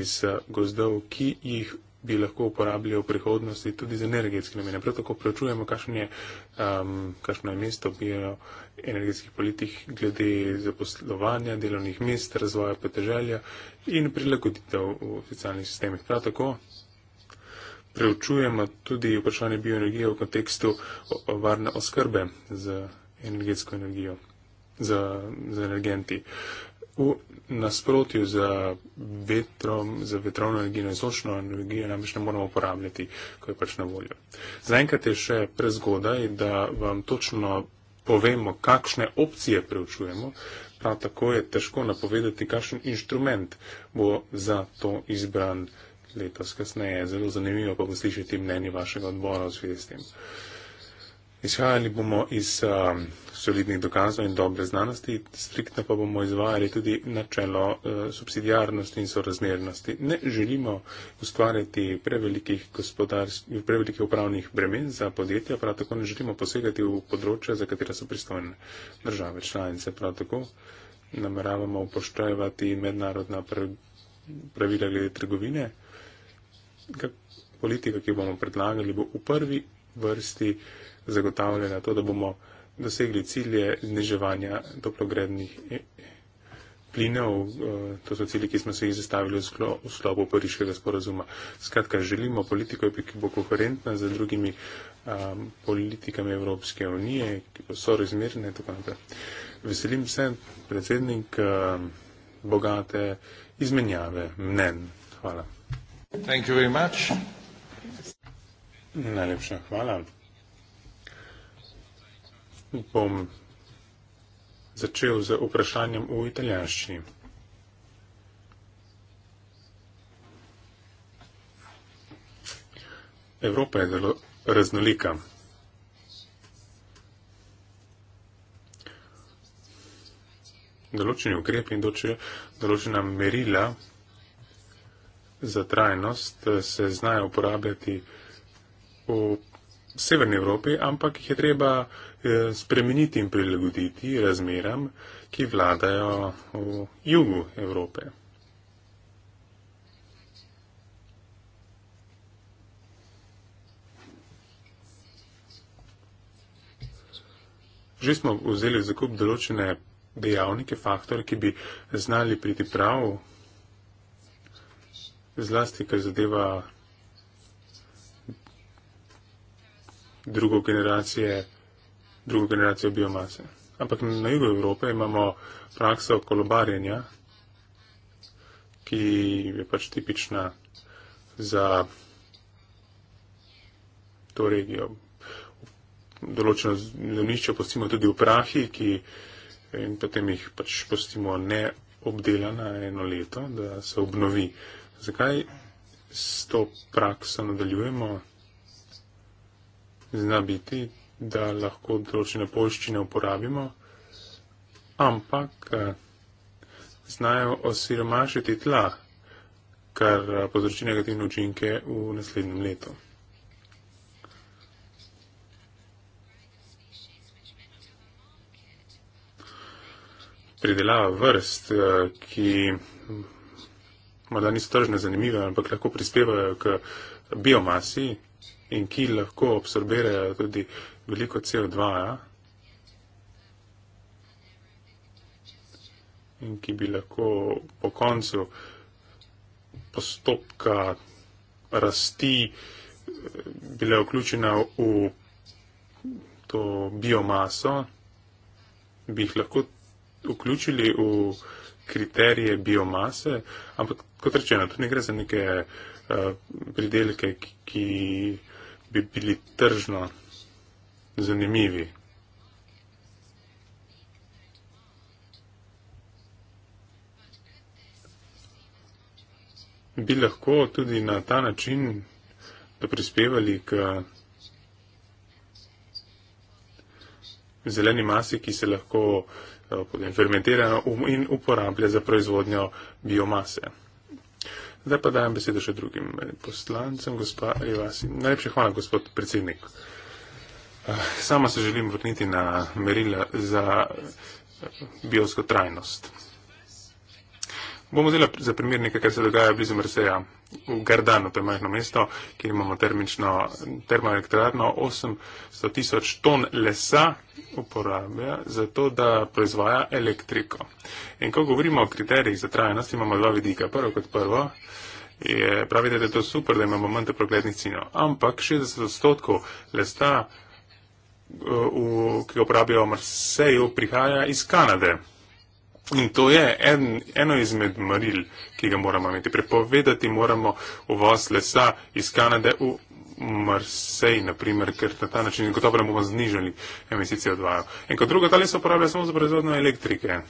Speaker 2: iz gozdov, ki jih bi lahko uporabljali v prihodnosti tudi za energetske namene. Prav tako prečujemo, um, kakšno je, um, je mesto bio energetskih politik glede zaposlovanja, delovnih mest, razvoja podeželja in prilagoditev v oficialnih sistemih. Prav tako prečujemo tudi vprašanje bioenergije v kontekstu varne oskrbe z energetsko energijo, z, z energenti. Uh, v nasprotju z vetrom, z vetrovno energijo in sočno energijo namreč ne moramo uporabljati, ko je pač na voljo. Zaenkrat je še prezgodaj, da vam točno povemo, kakšne opcije preučujemo, prav tako je težko napovedati, kakšen inštrument bo za to izbran letos kasneje. Zelo zanimivo pa bo slišati mnenje vašega odbora v zvezi s tem. Izhajali bomo iz um, solidnih dokazov in dobre znanosti, striktno pa bomo izvajali tudi načelo uh, subsidijarnosti in sorazmernosti. Ne želimo ustvarjati prevelikih, prevelikih upravnih bremen za podjetja, prav tako ne želimo posegati v področja, za katera so pristojne države članice. Prav tako nameravamo upoštevati mednarodna pravila glede trgovine. Politika, ki bomo predlagali, bo v prvi vrsti zagotavljanja to, da bomo dosegli cilje zniževanja toplogrednih e, plinov. E, to so cilji, ki smo se jih zastavili v sklopu pariškega sporazuma. Skratka, želimo politiko, ki bo koherentna z drugimi um, politikami Evropske unije, ki so razmerne in tako naprej. Veselim se, predsednik, um, bogate izmenjave mnen. Hvala. Thank you very much. Najlepša hvala. Bom začel z vprašanjem v italijanščini. Evropa je zelo raznolika. Določeni ukrepi in določena merila za trajnost eh, se znajo uporabljati v severni Evropi, ampak jih je treba eh, spremeniti in prilagoditi razmeram, ki vladajo v jugu Evrope. Že smo vzeli v zakup določene dejavnike, faktore, ki bi znali priti prav, zlasti, kar zadeva drugo generacije, drugo generacijo biomase. Ampak na jugu Evrope imamo prakso kolobarjenja, ki je pač tipična za to regijo. Določeno zemljišče postimo tudi v prahi, ki in potem jih pač postimo neobdelana eno leto, da se obnovi. Zakaj s to prakso nadaljujemo? zna biti, da lahko določene poščine uporabimo, ampak eh, znajo osiromašiti tla, kar eh, povzroči negativne učinke v naslednjem letu. Pridelava vrst, eh, ki morda niso tržne zanimive, ampak lahko prispevajo k biomasi, in ki lahko absorbirajo tudi veliko CO2 ja? in ki bi lahko po koncu postopka rasti eh, bile vključene v to biomaso, bi jih lahko vključili v kriterije biomase, ampak kot rečeno, tu ne gre za neke uh, pridelke, ki. ki bi bili tržno zanimivi. Bi lahko tudi na ta način prispevali k zeleni masi, ki se lahko fermentira eh, in uporablja za proizvodnjo biomase. Zdaj pa dajem besedo še drugim eh, poslancem, gospa Ivasi. Najlepše hvala, gospod predsednik. Ah, sama se želim vrniti na merila za eh, biosko trajnost. Bomo vzeli za primer nekaj, kar se dogaja blizu Marseja v Gardano, to je majhno mesto, kjer imamo termično, termoelektrarno, 800 tisoč ton lesa uporablja za to, da proizvaja elektriko. In ko govorimo o kriterijih za trajnost, imamo dva vidika. Prvo kot prvo, je, pravite, da je to super, da imamo manj teplogrednih cinov, ampak 60 odstotkov lesa, eh, ki ga uporabljajo v Marseju, prihaja iz Kanade. In to je en, eno izmed maril, ki ga moramo imeti. Prepovedati moramo uvoz lesa iz Kanade v Marsej, naprimer, ker na ta način gotovo bomo znižali emisicije odvajal. In kot drugo, ta les uporablja samo za proizvodno elektrike,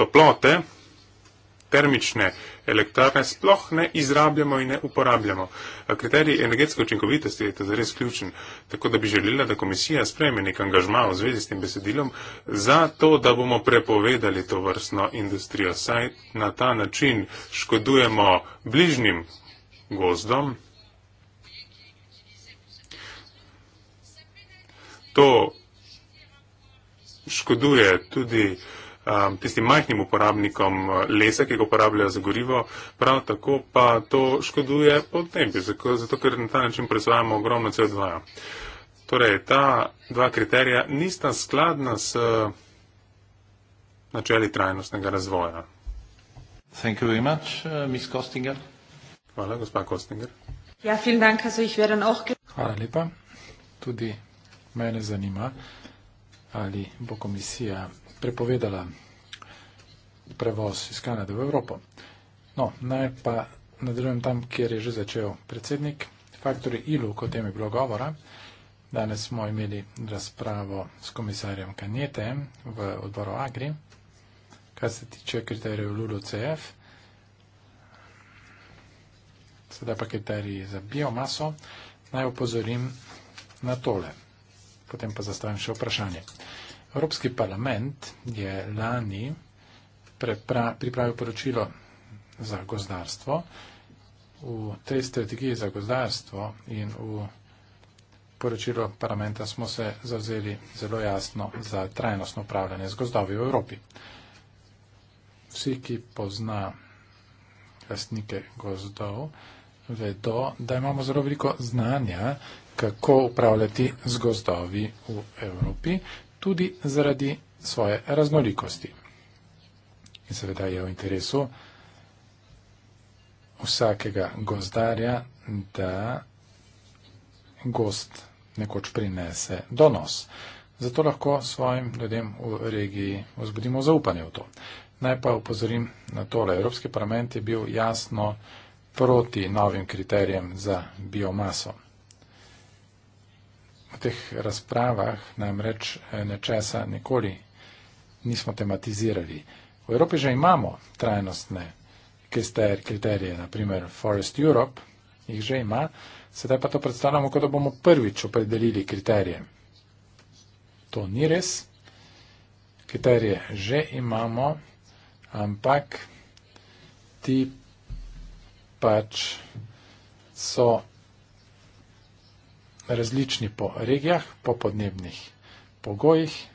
Speaker 2: toplote, termične elektrarne sploh ne izrabljamo in ne uporabljamo. Kriterij energetske učinkovitosti je to zares ključen, tako da bi želela, da komisija sprejme nek angažma v zvezi s tem besedilom za to, da bomo prepovedali to vrstno industrijo. Saj na ta način škodujemo bližnjim gozdom. To škoduje tudi um, tistim majhnim uporabnikom uh, lesa, ki ga uporabljajo za gorivo, prav tako pa to škoduje podnebju, zato, zato ker na ta način proizvajamo ogromno CO2. -ja. Torej, ta dva kriterija nista skladna s načeli trajnostnega razvoja. Uh, Hvala, gospa Kostinger.
Speaker 1: Ja, Hvala lepa. Tudi mene zanima, ali bo komisija prepovedala prevoz iz Kanade v Evropo. No, naj pa nadaljujem tam, kjer je že začel predsednik Faktori ILU, o tem je bilo govora. Danes smo imeli razpravo s komisarjem Kanjete v odboru Agri, kar se tiče kriterijev LULU-CF, sedaj pa kriteriji za biomaso. Naj opozorim na tole, potem pa zastavim še vprašanje. Evropski parlament je lani pripravil poročilo za gozdarstvo. V tej strategiji za gozdarstvo in v poročilo parlamenta smo se zavzeli zelo jasno za trajnostno upravljanje z gozdovi v Evropi. Vsi, ki pozna lastnike gozdov, vedo, da imamo zelo veliko znanja, kako upravljati z gozdovi v Evropi tudi zaradi svoje raznolikosti. In seveda je v interesu vsakega gozdarja, da gost nekoč prinese donos. Zato lahko svojim ljudem v regiji vzbudimo zaupanje v to. Naj pa upozorim na tole. Evropski parlament je bil jasno proti novim kriterijem za biomaso teh razpravah namreč eh, nečesa nikoli nismo tematizirali. V Evropi že imamo trajnostne kriterije, naprimer Forest Europe jih že ima, sedaj pa to predstavljamo, kot da bomo prvič opredelili kriterije. To ni res, kriterije že imamo, ampak ti pač so različni po regijah, po podnebnih pogojih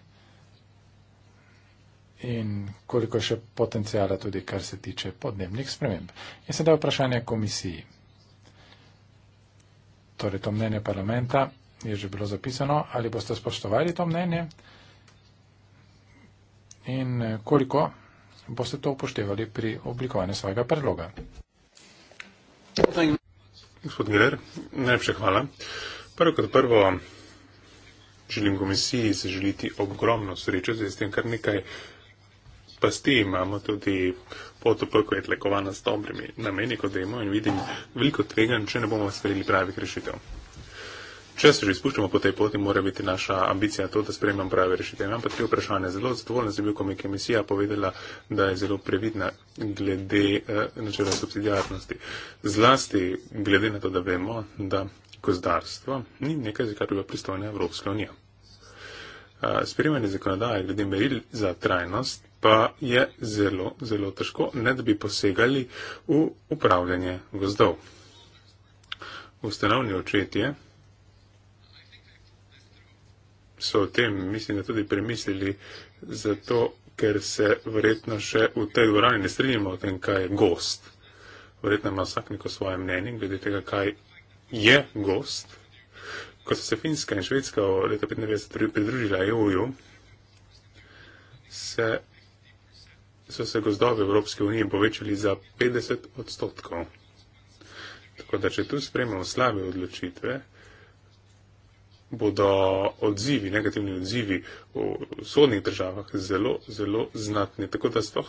Speaker 1: in koliko še potencijala tudi, kar se tiče podnebnih sprememb. In sedaj vprašanje komisiji. Torej, to mnenje parlamenta je že bilo zapisano, ali boste spoštovali to mnenje in eh, koliko boste to upoštevali pri oblikovanju svojega predloga.
Speaker 2: Gospod Miller, najlepša hvala. Prvo kot prvo, želim komisiji se želiti ogromno srečo, zdaj s tem kar nekaj pasti imamo tudi POTP, ko je tlekovana s dobrimi nameni, kot vemo in vidim veliko tvegan, če ne bomo sprejeli pravih rešitev. Če se že izpuščamo po tej poti, mora biti naša ambicija to, da sprejmem prave rešitve. Imam pa tri vprašanja. Zelo zadovoljna sem bil, ko mi je komisija povedala, da je zelo previdna glede eh, načela subsidijarnosti. Zlasti glede na to, da vemo, da gozdarstvo ni nekaj, za kar bi bila pristojna Evropska unija. Sprejemanje zakonodaje glede meril za trajnost pa je zelo, zelo težko, ne da bi posegali v upravljanje gozdov. Ustanovni očetje so o tem, mislim, da tudi premislili, zato ker se verjetno še v tej dvorani ne strinjamo o tem, kaj je gost. Verjetno ima vsak neko svoje mnenje glede tega, kaj je gost, ko so se Finska in Švedska v leta 1995 pridružila EU-ju, so se gozdove Evropske unije povečali za 50 odstotkov. Tako da, če tu sprejmemo slabe odločitve, bodo odzivi, negativni odzivi v sodnih državah zelo, zelo znatni. Tako da sploh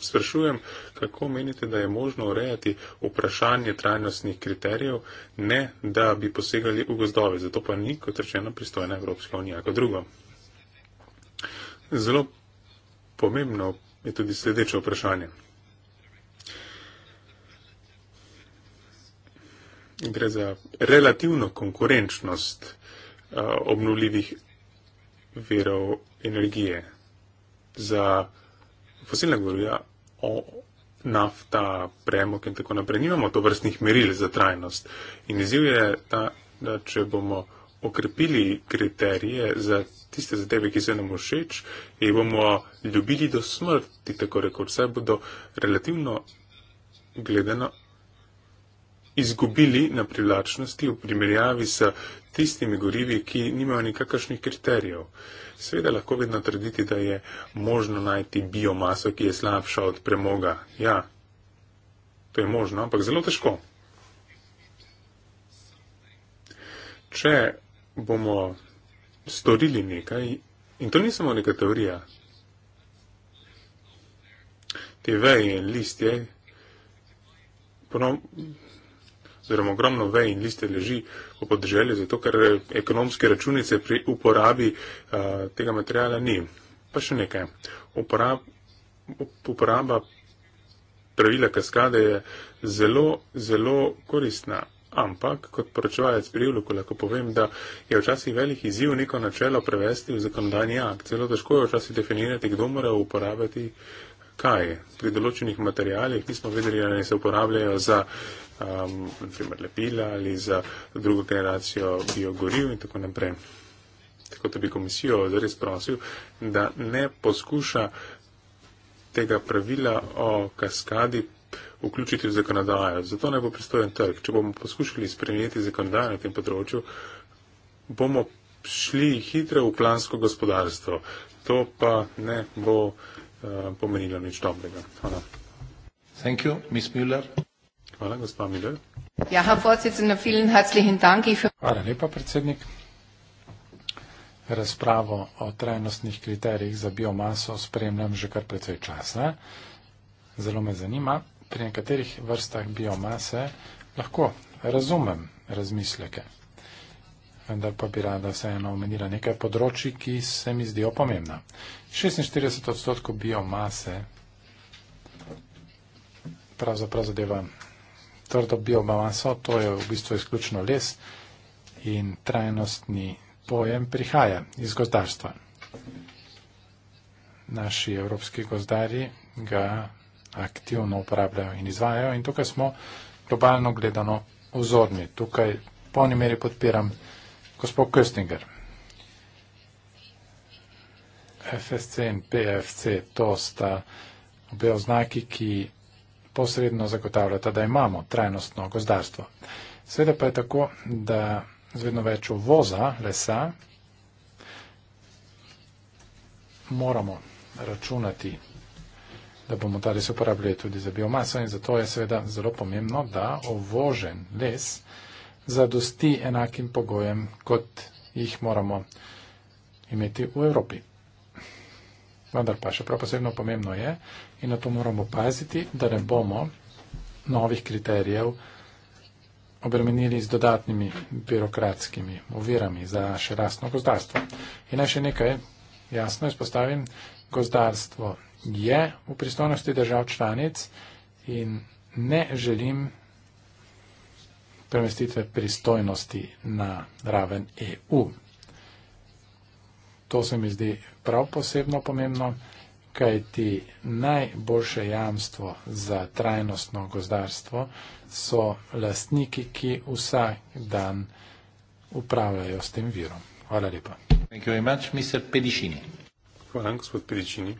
Speaker 2: sprašujem, kako menite, da je možno urejati vprašanje trajnostnih kriterijev, ne da bi posegali v gozdove. Zato pa ni, kot rečeno, pristojna Evropska unija. Kot drugo, zelo pomembno je tudi sledeče vprašanje. gre za relativno konkurenčnost eh, obnovljivih verov energije. Za fosilna goriva, nafta, premog in tako naprej, nimamo to vrstnih meril za trajnost. In izjiv je ta, da če bomo okrepili kriterije za tiste zadeve, ki se nam všeč, in bomo ljubili do smrti, tako rekoč, vse bodo relativno gledano izgubili na privlačnosti v primerjavi s tistimi gorivi, ki nimajo nikakršnih kriterijev. Sveda lahko vedno trditi, da je možno najti biomaso, ki je slabša od premoga. Ja, to je možno, ampak zelo težko. Če bomo storili nekaj, in to ni samo neka teorija, te veje in listje, ponovno oziroma ogromno vej in liste leži po podeželju, zato ker eh, ekonomske računice pri uporabi uh, tega materijala ni. Pa še nekaj. Uporab, uporaba pravila kaskade je zelo, zelo koristna. Ampak, kot poročevalec pri Juliku lahko povem, da je včasih velik izziv neko načelo prevesti v zakonodajni akt. Zelo težko je včasih definirati, kdo mora uporabljati uh, kaj pri določenih materijalih, nismo vedeli, ali se uporabljajo za um, naprimer, lepila ali za drugo generacijo biogoriv in tako naprej. Tako da bi komisijo zares prosil, da ne poskuša tega pravila o kaskadi vključiti v zakonodajo. Zato naj bo pristojen trg. Če bomo poskušali spremeniti zakonodajo na tem področju, bomo šli hitro v plansko gospodarstvo. To pa ne bo uh, Eh, pomenilo nič dobrega.
Speaker 1: Hvala. Thank you, Ms. Müller. Hvala, gospa Müller.
Speaker 2: Ja, Herr Vorsitzender, vielen herzlichen Dank. Hvala
Speaker 1: lepa, predsednik. Razpravo o trajnostnih kriterijih za biomaso spremljam že kar precej časa. Zelo me zanima, pri nekaterih vrstah biomase lahko razumem razmisleke vendar pa bi rada vseeno omenila nekaj področji, ki se mi zdijo pomembna. 46 odstotkov biomase pravzaprav zadeva trdo biomaso, to je v bistvu izključno les in trajnostni pojem prihaja iz gozdarstva. Naši evropski gozdari ga aktivno uporabljajo in izvajajo in tukaj smo globalno gledano vzorni. Tukaj v polni meri podpiram Gospod Köstinger. FSC in PFC, to sta obe oznaki, ki posredno zagotavljata, da imamo trajnostno gozdarstvo. Sveda pa je tako, da z vedno več uvoza lesa moramo računati, da bomo ta res uporabljali tudi za biomaso in zato je seveda zelo pomembno, da ovožen les zadosti enakim pogojem, kot jih moramo imeti v Evropi. Vendar pa še prav posebno pomembno je in na to moramo paziti, da ne bomo novih kriterijev obremenili z dodatnimi birokratskimi ovirami za še rastno gozdarstvo. In naj še nekaj jasno izpostavim, gozdarstvo je v pristojnosti držav članic in ne želim premestitve pristojnosti na raven EU. To se mi zdi prav posebno pomembno, kajti najboljše jamstvo za trajnostno gozdarstvo so lastniki, ki vsak dan upravljajo s tem virom. Hvala lepa. Hvala, gospod Pedišini.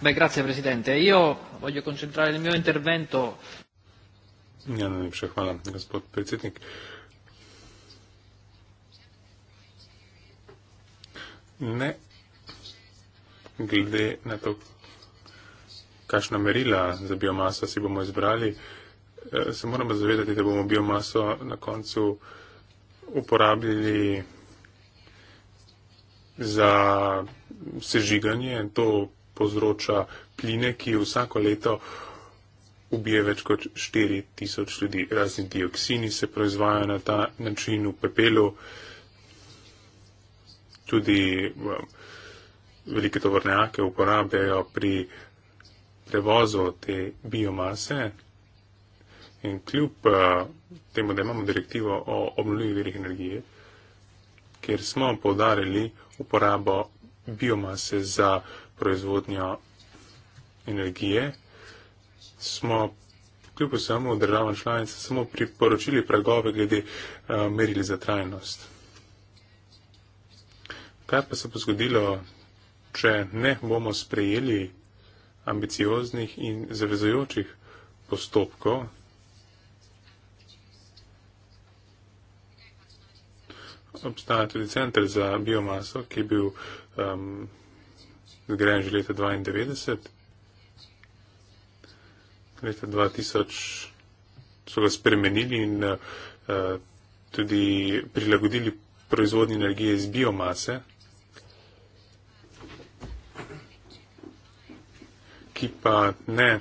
Speaker 3: Beh, grazie, Presidente. Io voglio concentrare il mio intervento
Speaker 2: Ja, najlepša hvala, gospod predsednik. Ne glede na to, kakšna merila za biomaso si bomo izbrali, eh, se moramo zavedati, da bomo biomaso na koncu uporabljali za sežiganje. To povzroča pline, ki vsako leto uh, ubije več kot 4000 ljudi. Razni dioksini se proizvajajo na ta način v pepelu. Tudi um, velike tovornjake uporabljajo pri prevozu te biomase. In kljub uh, temu, da imamo direktivo o obnovljivih virih energije, kjer smo povdarili uporabo biomase za proizvodnjo energije, smo kljub vsemu državam članice samo priporočili pregove glede eh, merili za trajnost. Kaj pa se bo zgodilo, če ne bomo sprejeli ambicioznih in zavezojočih postopkov? Obstaja tudi centr za biomaso, ki je bil um, zgrajen že leta 1992 leta 2000 so ga spremenili in eh, tudi prilagodili proizvodnje energije iz biomase, ki pa ne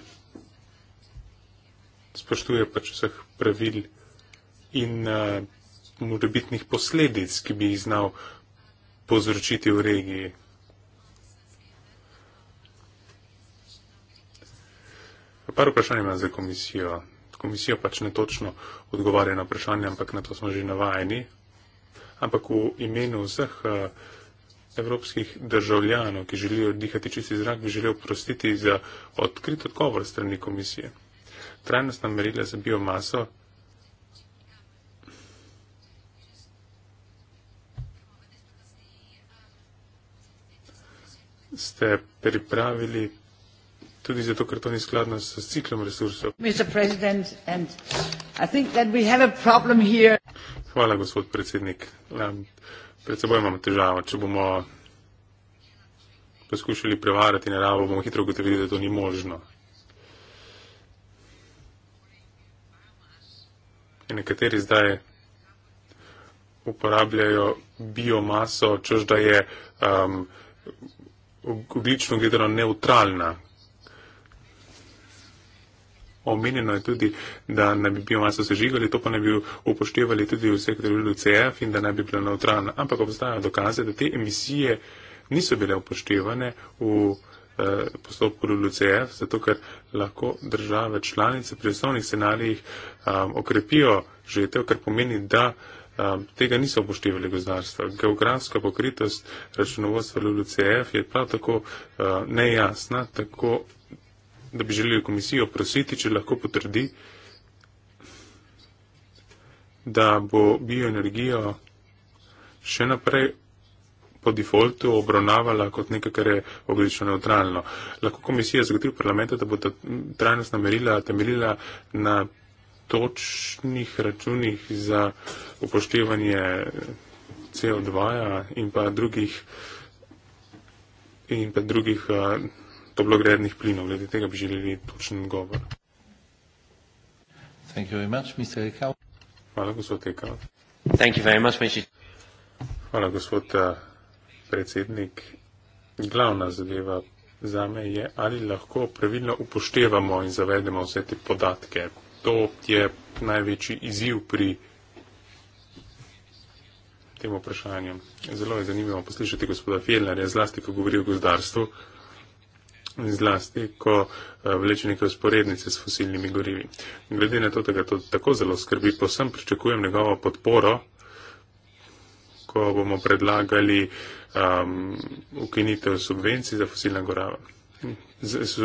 Speaker 2: spoštuje pač vseh pravil in eh, morebitnih posledic, ki bi jih znal povzročiti v regiji. par vprašanj imam za komisijo. Komisija pač ne točno odgovarja na vprašanje, ampak na to smo že navajeni. Ampak v imenu vseh eh, evropskih državljanov, ki želijo dihati čisti zrak, bi želel prostiti za odkrit odgovor strani komisije. Trajnostna merila za biomaso. Ste pripravili tudi zato, ker to ni skladno s ciklom resursov. Hvala, gospod predsednik. Ja, pred seboj imamo težavo. Če bomo poskušali prevarati naravo, bomo hitro ugotovili, da to ni možno. In nekateri zdaj uporabljajo biomaso, čež da je um, oglično gledano neutralna, omenjeno je tudi, da naj bi biomaso sežigali, to pa naj bi upoštevali tudi v sektorju LCF in da naj bi bila neutralna. Ampak obstajajo dokaze, da te emisije niso bile upoštevane v eh, postopku LCF, zato ker lahko države članice pri osnovnih scenarijih um, okrepijo žetev, kar pomeni, da um, tega niso upoštevali gozdarstva. Geografska pokritost računovodstva LCF je prav tako uh, nejasna, tako da bi želeli komisijo prositi, če lahko potrdi, da bo bioenergijo še naprej po defaultu obravnavala kot nekaj, kar je oblično neutralno. Lahko komisija zagotovi parlamentu, da bo ta trajnostna merila temeljila na točnih računih za upoštevanje CO2 in pa drugih, in pa drugih uh, toplogrednih plinov. Glede tega bi želeli točen govor. Hvala, gospod Ekal. Hvala, gospod eh, predsednik. Glavna zadeva za me je, ali lahko pravilno upoštevamo in zavedemo vse te podatke. To je največji izziv pri tem vprašanju. Zelo je zanimivo poslušati gospoda Fjellnerja, zlasti, ko govori o gozdarstvu zlasti, ko eh, vleče neke usporednice s fosilnimi gorivi. Glede na to, da ga to tako zelo skrbi, posem pričakujem njegovo podporo, ko bomo predlagali um, ukinitev subvencij za fosilna gorava.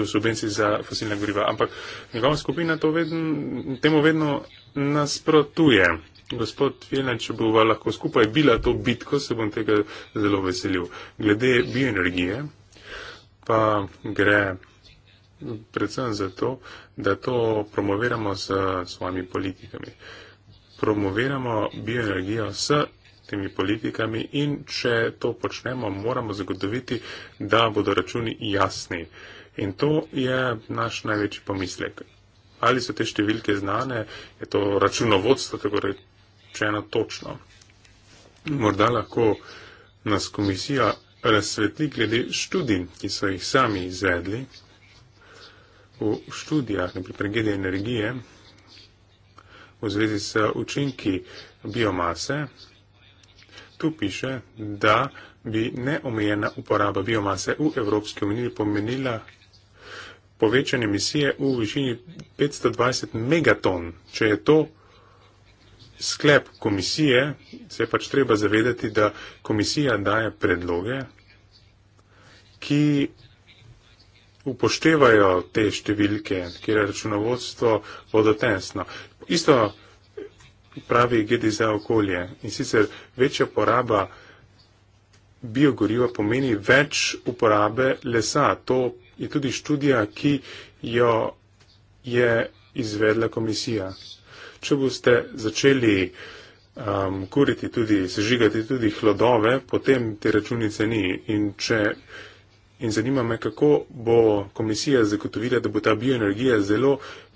Speaker 2: Subvencij za fosilna goriva. Ampak njegova skupina to vedno, temu vedno nasprotuje. Gospod Filan, če bova lahko skupaj bila to bitko, se bom tega zelo veselil. Glede bioenergije pa gre predvsem za to, da to promoviramo s svojimi politikami. Promoviramo bioenergijo s temi politikami in če to počnemo, moramo zagotoviti, da bodo računi jasni. In to je naš največji pomislek. Ali so te številke znane, je to računovodstvo, tako rečeno, točno. Morda lahko nas komisija razsvetli glede študij, ki so jih sami izvedli v študijah na pregledi energije v zvezi s učinki biomase. Tu piše, da bi neomejena uporaba biomase v Evropski uniji pomenila povečanje emisije v višini 520 megaton, če je to sklep komisije, se je pač treba zavedati, da komisija daje predloge, ki upoštevajo te številke, kjer je računovodstvo vodotesno. Isto pravi GDI za okolje in sicer večja poraba biogoriva pomeni več uporabe lesa. To je tudi študija, ki jo je izvedla komisija če boste začeli um, kuriti tudi, sežigati tudi hladove, potem te računice ni. In, če, in zanima me, kako bo komisija zagotovila, da bo ta bioenergija zelo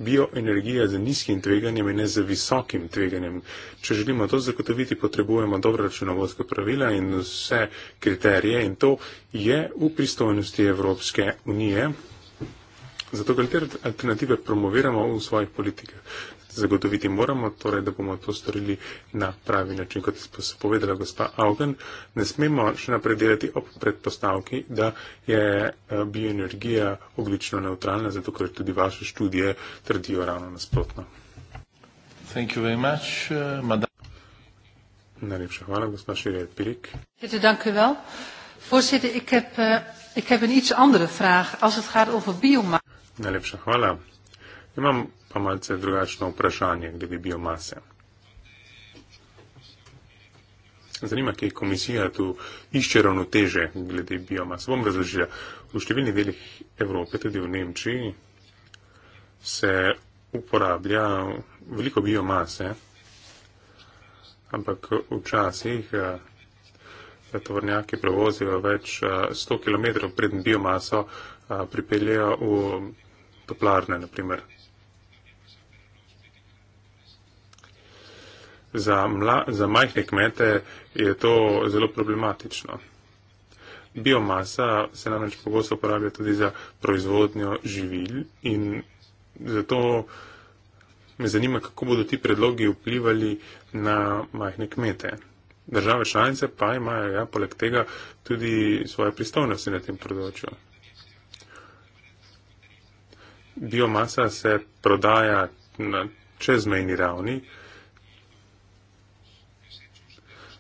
Speaker 2: bioenergija z nizkim tveganjem in ne z visokim tveganjem. Če želimo to zagotoviti, potrebujemo dobro računovodske pravila in vse kriterije in to je v pristojnosti Evropske unije. Zato, ker te alternative promoviramo v svojih politikah zagotoviti moramo, torej da bomo to storili na pravi način, kot je povedala gospa Augen. Ne smemo še naprej delati ob predpostavki, da je eh, bioenergija oglično neutralna, zato ker tudi vaše študije trdijo ravno nasprotno. Thank you very much, uh, madam. Najlepša hvala, gospa Širjet Pirik.
Speaker 1: Voorzitter, ik heb, uh, ik heb een iets andere vraag als het gaat over biomassa.
Speaker 2: Najlepša hvala. Imam pa malce drugačno vprašanje glede biomase. Zanima, kaj komisija tu išče ravnoteže glede biomase. Bom razložila, v številnih delih Evrope, tudi v Nemčiji, se uporablja veliko biomase, ampak včasih eh, tovornjaki prevozijo več 100 km pred biomaso, eh, pripeljejo v toplarne, naprimer za, mla, za majhne kmete je to zelo problematično. Biomasa se namreč pogosto uporablja tudi za proizvodnjo živil in zato me zanima, kako bodo ti predlogi vplivali na majhne kmete. Države članice pa imajo ja, poleg tega tudi svoje pristovnosti na tem področju. Biomasa se prodaja na čezmejni ravni,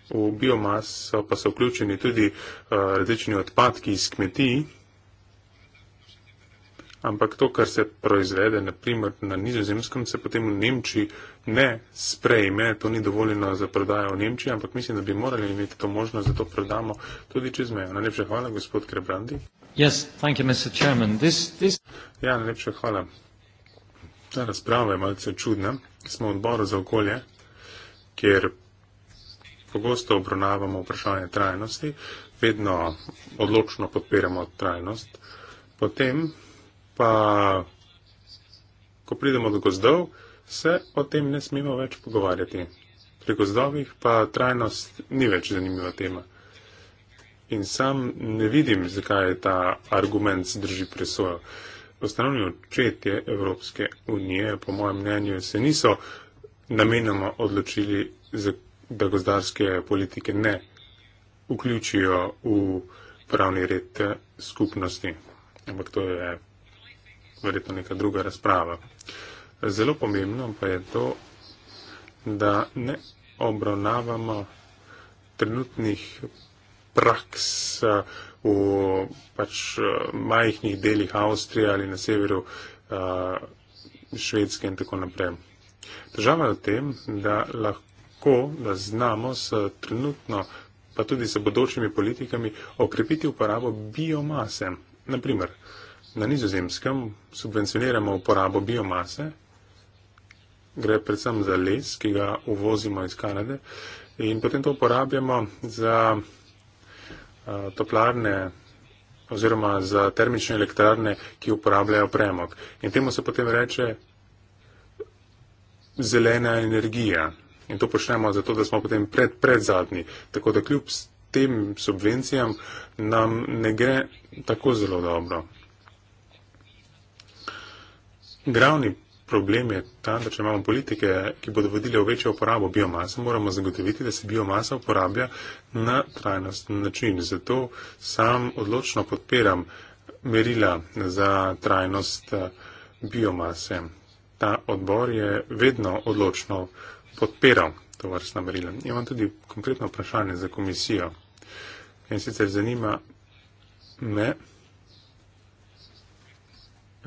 Speaker 2: V biomaso pa so vključeni tudi uh, različni odpadki iz kmetij, ampak to, kar se proizvede naprimer na nizozemskem, se potem v Nemčiji ne sprejme, to ni dovoljeno za prodajo v Nemčiji, ampak mislim, da bi morali imeti to možnost, zato prodamo tudi čez mejo. Najlepša hvala, gospod Krebrandi.
Speaker 1: Yes, thank you, Mr. Chairman. This, this... Ja,
Speaker 2: najlepša hvala. Ta razprava je malce čudna. Smo v odboru za okolje, kjer pogosto obravnavamo vprašanje trajnosti, vedno odločno podpiramo trajnost. Potem pa, ko pridemo do gozdov, se o tem ne smemo več pogovarjati. Pri gozdovih pa trajnost ni več zanimiva tema. In sam ne vidim, zakaj ta argument zdrži presojo. Osnovni očetje Evropske unije, po mojem mnenju, se niso namenoma odločili za da gozdarske politike ne vključijo v pravni red skupnosti. Ampak to je verjetno neka druga razprava. Zelo pomembno pa je to, da ne obravnavamo trenutnih praks eh, v pač eh, majhnih delih Avstrije ali na severu eh, Švedske in tako naprej. Država je v tem, da lahko tako, da znamo s trenutno, pa tudi s bodočimi politikami, okrepiti uporabo biomase. Naprimer, na nizozemskem subvencioniramo uporabo biomase, gre predvsem za les, ki ga uvozimo iz Kanade in potem to uporabljamo za toplarne oziroma za termične elektrarne, ki uporabljajo premog. In temu se potem reče zelena energija. In to počnemo zato, da smo potem pred, predzadnji. Tako da kljub tem subvencijam nam ne gre tako zelo dobro. Gravni problem je ta, da če imamo politike, ki bodo vodile v večjo uporabo biomase, moramo zagotoviti, da se biomasa uporablja na trajnostni način. Zato sam odločno podpiram merila za trajnost eh, biomase. Ta odbor je vedno odločno podpiral to vrstna merila. Imam tudi konkretno vprašanje za komisijo. In sicer zanima me,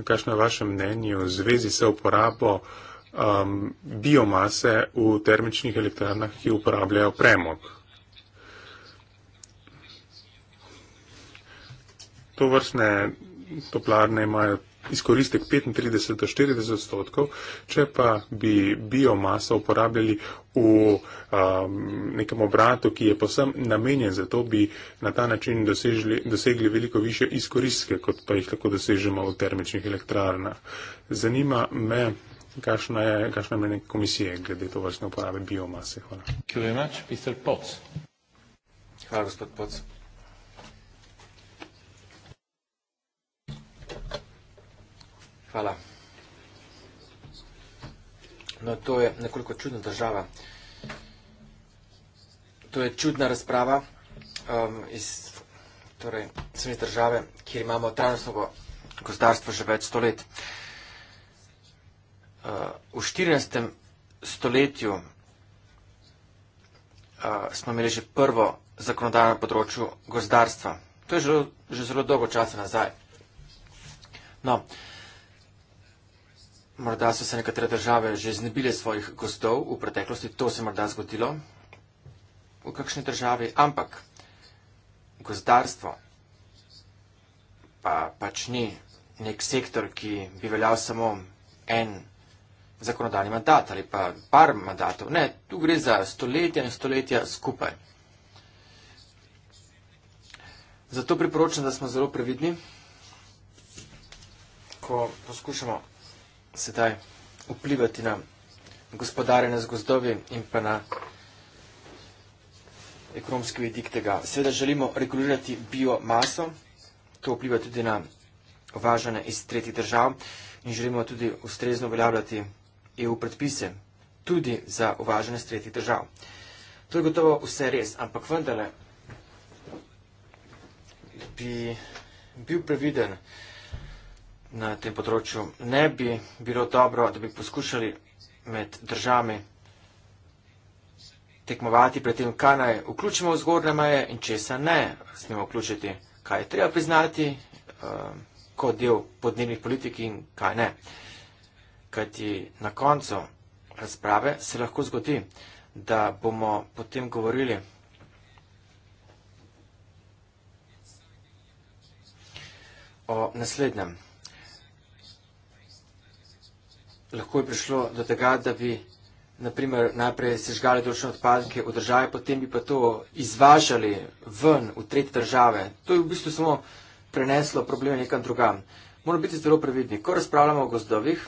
Speaker 2: kakšno je vaše mnenje v zvezi s uporabo um, biomase v termičnih elektrarnah, ki uporabljajo premog. To vrstne toplarne imajo izkoristek 35 do 40 odstotkov, če pa bi biomaso uporabljali v um, nekem obratu, ki je posem namenjen za to, bi na ta način dosežli, dosegli veliko više izkoristke, kot pa jih lahko dosežemo v termičnih elektrarnah. Zanima me, kakšna je, kakšna je mnenje komisije glede to vrstne uporabe biomase. Hvala. Hvala, gospod Poc.
Speaker 3: Hvala. No, to je nekoliko čudna država. To je čudna razprava um, iz torej, sami države, kjer imamo trajnostno gozdarstvo že več stolet. Uh, v 14. stoletju uh, smo imeli že prvo zakonodajo na področju gozdarstva. To je že, že zelo dolgo časa nazaj. No, uh, morda so se nekatere države že znebile svojih gostov v preteklosti, to se morda zgodilo v kakšni državi, ampak gozdarstvo pa pač ni nek sektor, ki bi veljal samo en zakonodani mandat ali pa par mandatov. Ne, tu gre za stoletja in stoletja skupaj. Zato priporočam, da smo zelo previdni, ko poskušamo sedaj vplivati na gospodarjenje z gozdovi in pa na ekonomski vidik tega. Seveda želimo regulirati biomaso, to vpliva tudi na uvažanje iz tretjih držav in želimo tudi ustrezno uveljavljati EU predpise, tudi za uvažanje iz tretjih držav. To je gotovo vse res, ampak vendarle bi bil previden, na tem področju. Ne bi bilo dobro, da bi poskušali med državami tekmovati pred tem, kaj naj vključimo v zgornje meje in česa ne smemo vključiti, kaj je treba priznati uh, kot del podnebnih politik in kaj ne. Kajti na koncu razprave se lahko zgodi, da bomo potem govorili o naslednjem lahko je prišlo do tega, da bi naprimer najprej sežgali določene odpadke v države, potem bi pa to izvažali ven v tretje države. To je v bistvu samo preneslo probleme nekam drugam. Moramo biti zelo previdni. Ko razpravljamo o gozdovih,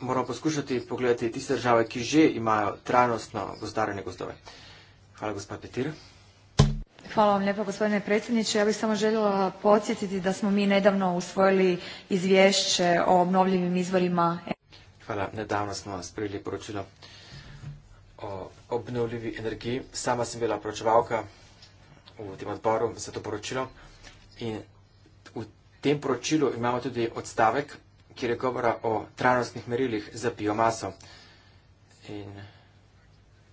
Speaker 3: moramo poskušati pogledati tiste države, ki že imajo trajnostno gozdarjene gozdove. Hvala, gospod Petir. Hvala vam lijepa gospodine predsjedniče. Ja bih samo željela podsjetiti da smo mi nedavno usvojili izvješće o obnovljivim izvorima Hvala. Nedavno smo sprejeli poročilo o obnovljivi energiji. Sama sem bila poročevalka v tem odboru za to poročilo in v tem poročilu imamo tudi odstavek, kjer je govora o trajnostnih merilih za biomaso. In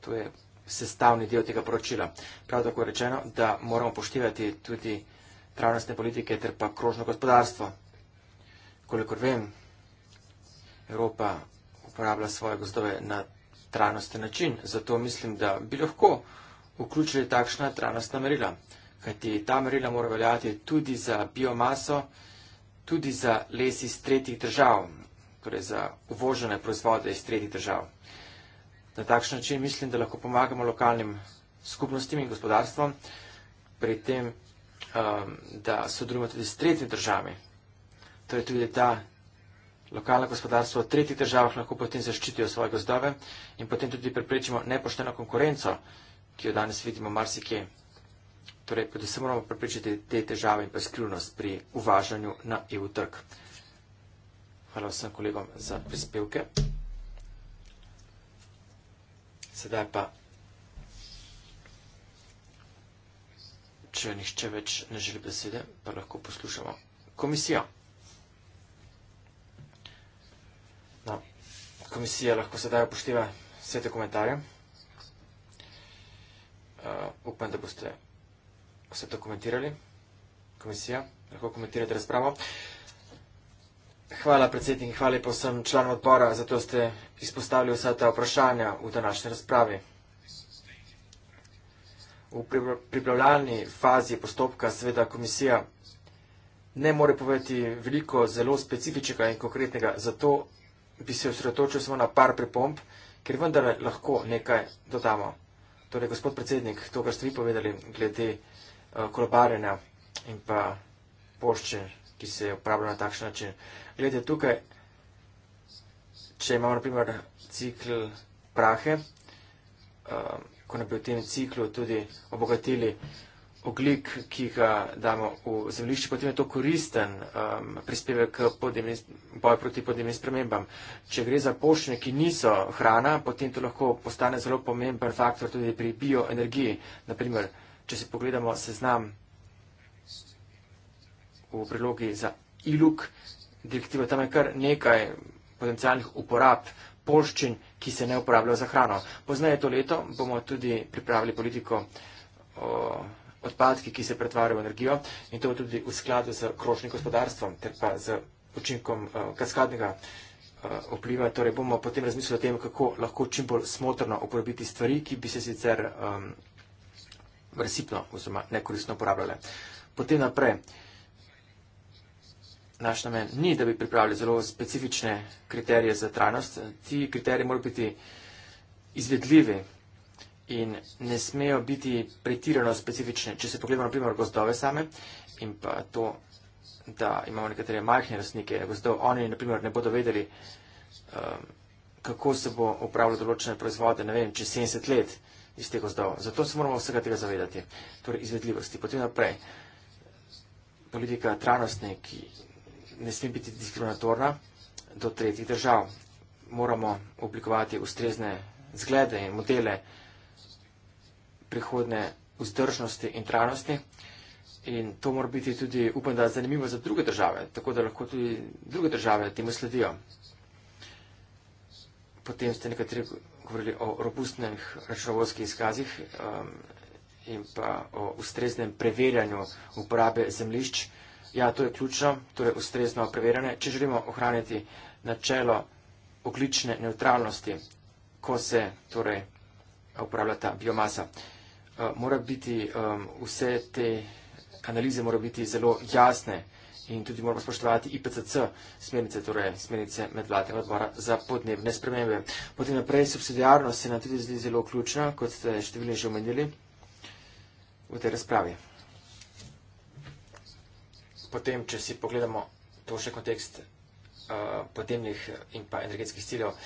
Speaker 3: to je sestavni del tega poročila. Prav tako rečeno, da moramo poštivati tudi trajnostne politike ter pa krožno gospodarstvo. Kolikor vem, Evropa uporablja svoje gozdove na trajnosten način. Zato mislim, da bi lahko vključili takšna trajnostna merila. Kajti ta merila mora veljati tudi za biomaso, tudi za les iz tretjih držav, torej za uvožene proizvode iz tretjih držav. Na takšen način mislim, da lahko pomagamo lokalnim skupnostim in gospodarstvom pri tem, um, da sodelujemo tudi s tretjimi državami. Torej tudi ta lokalno gospodarstvo v tretjih državah lahko potem zaščitijo svoje gozdove in potem tudi preprečimo nepošteno konkurenco, ki jo danes vidimo marsikje. Torej, predvsem moramo preprečiti te težave in pa skrivnost pri uvažanju na EU trg. Hvala vsem kolegom za prispevke. Sedaj pa, če nihče več ne želi besede, pa lahko poslušamo komisijo. komisija lahko sedaj upošteva vse te komentarje. Uh, upam, da boste vse to komentirali. Komisija, lahko komentirate razpravo. Hvala predsednik, hvala pa vsem članom odbora, zato ste izpostavili vsa ta vprašanja v današnji razpravi. V pripravljalni fazi postopka seveda komisija ne more povedati veliko zelo specifičnega in konkretnega, zato bi se osredotočil samo na par pripomb, ker vendar lahko nekaj dodamo. Torej, gospod predsednik, to, kar ste vi povedali glede uh, kolobarjenja in pa poščen, ki se je upravljal na takšen način. Glede tukaj, če imamo naprimer cikl prahe, uh, ko ne bi v tem ciklu tudi obogatili uh, oglik, ki ga damo v zemljišče, potem je to koristen um, prispevek boja proti podnebnim spremembam. Če gre za pošne, ki niso hrana, potem to lahko postane zelo pomemben faktor tudi pri bioenergiji. Naprimer, če si pogledamo seznam v prilogi za ILUK, direktiva tam je kar nekaj potencialnih uporab polščin, ki se ne uporabljajo za hrano. Poznaje to leto bomo tudi pripravili politiko o odpadki, ki se pretvarjajo v energijo in to tudi v skladu z krošnim gospodarstvom ter pa z učinkom eh, kaskadnega eh, vpliva. Torej bomo potem razmislili o tem, kako lahko čim bolj smotrno uporabiti stvari, ki bi se sicer um, vresipno oziroma nekoristno uporabljale. Potem naprej. Naš namen ni, da bi pripravili zelo specifične kriterije za trajnost. Ti kriteriji morajo biti izvedljivi, in ne smejo biti pretirano specifične. Če se pogledamo na primer gozdove same in pa to, da imamo nekatere majhne rastnike gozdov, oni na primer ne bodo vedeli, um, kako se bo upravljalo določene proizvode, ne vem, čez 70 let iz teh gozdov. Zato se moramo vsega tega zavedati, torej izvedljivosti. Potem naprej, politika trajnostne, ki ne sme biti diskriminatorna do tretjih držav. Moramo oblikovati ustrezne zglede in modele, prihodne vzdržnosti in trajnosti. In to mora biti tudi, upam, da zanimivo za druge države, tako da lahko tudi druge države temu sledijo. Potem ste nekateri govorili o robustnih računovodskih izkazih um, in pa o ustreznem preverjanju uporabe zemlišč. Ja, to je ključno, torej ustrezno preverjanje. Če želimo ohraniti načelo oglične neutralnosti, ko se torej uporablja ta biomasa. Uh, Eh, mora biti um, vse te analize mora biti zelo jasne in tudi moramo spoštovati IPCC smernice, torej smernice medvladnega odbora za podnebne spremembe. Potem naprej subsidiarnost se nam tudi zdi zelo ključna, kot ste številni že omenili v tej razpravi. Potem, če si pogledamo to še kontekst uh, podnebnih in pa energetskih ciljev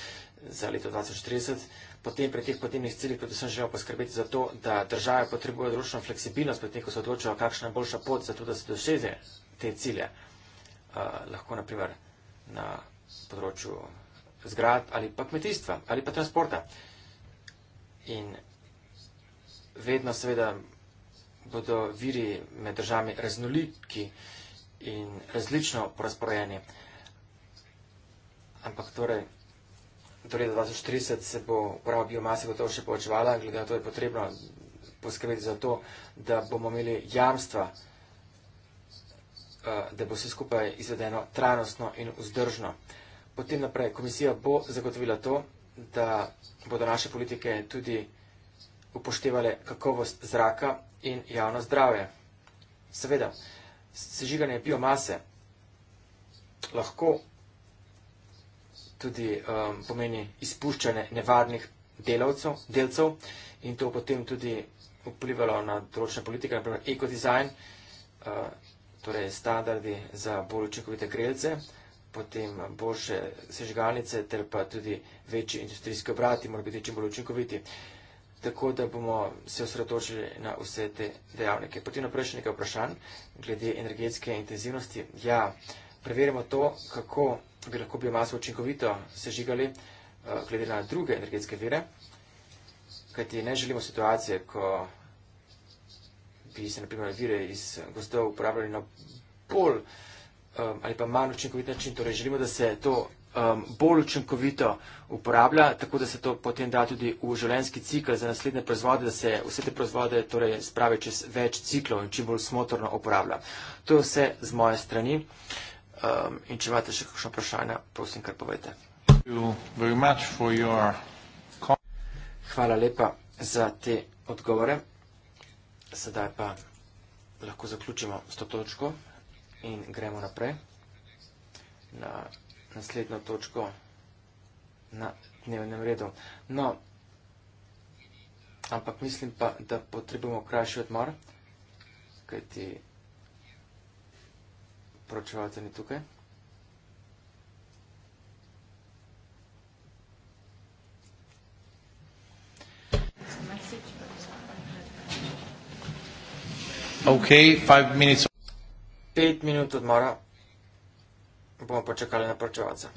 Speaker 3: za leto 2030, potem pri teh podnebnih ciljih predvsem želimo poskrbeti za to, da države potrebujejo določeno fleksibilnost, potem ko se odločajo, kakšna je boljša pot za to, da se doseže te cilje. Uh, lahko naprimer na področju zgrad ali pa kmetijstva ali pa transporta. In vedno seveda bodo viri med državami raznoliki in različno porazporejeni. Ampak torej Torej do leta 2030 se bo uporaba biomase gotovo še povečevala, glede na to je potrebno poskrbeti za to, da bomo imeli jamstva, eh, da bo vse skupaj izvedeno trajnostno in vzdržno. Potem naprej, komisija bo zagotovila to, da bodo naše politike tudi upoštevale kakovost zraka in javno zdravje. Seveda, sežiganje biomase lahko tudi um, pomeni izpuščanje nevarnih delavcev, delcev in to potem tudi vplivalo na določene politike, naprimer ekodizajn, uh, torej standardi za bolj učinkovite grelce, potem boljše sežgalnice ter pa tudi večji industrijski obrati, mora biti čim bolj učinkoviti. Tako da bomo se osredotočili na vse te dejavnike. Potem naprej še nekaj vprašanj glede energetske intenzivnosti. Ja, preverimo to, kako bi lahko biomaso učinkovito sežigali eh, glede na druge energetske vire, kajti ne želimo situacije, ko bi se naprimer vire iz gozdov uporabljali na bolj ali pa manj učinkovit način, torej želimo, da se to bolj učinkovito uporablja, tako da se to potem da tudi v življenjski cikl za naslednje proizvode, da se vse te proizvode torej spravi čez več ciklov in čim bolj smotorno uporablja. To je vse z moje strani. Um, in če imate še kakšno vprašanje, prosim, kar povejte. Hvala lepa za te odgovore. Sedaj pa lahko zaključimo s to točko in gremo naprej na naslednjo točko na dnevnem redu. No, ampak mislim pa, da potrebujemo krajši odmor, kajti proučovat ani tukaj.
Speaker 1: Ok, five minutes.
Speaker 3: Pet minut odmora. Bomo počakali na proučovalca.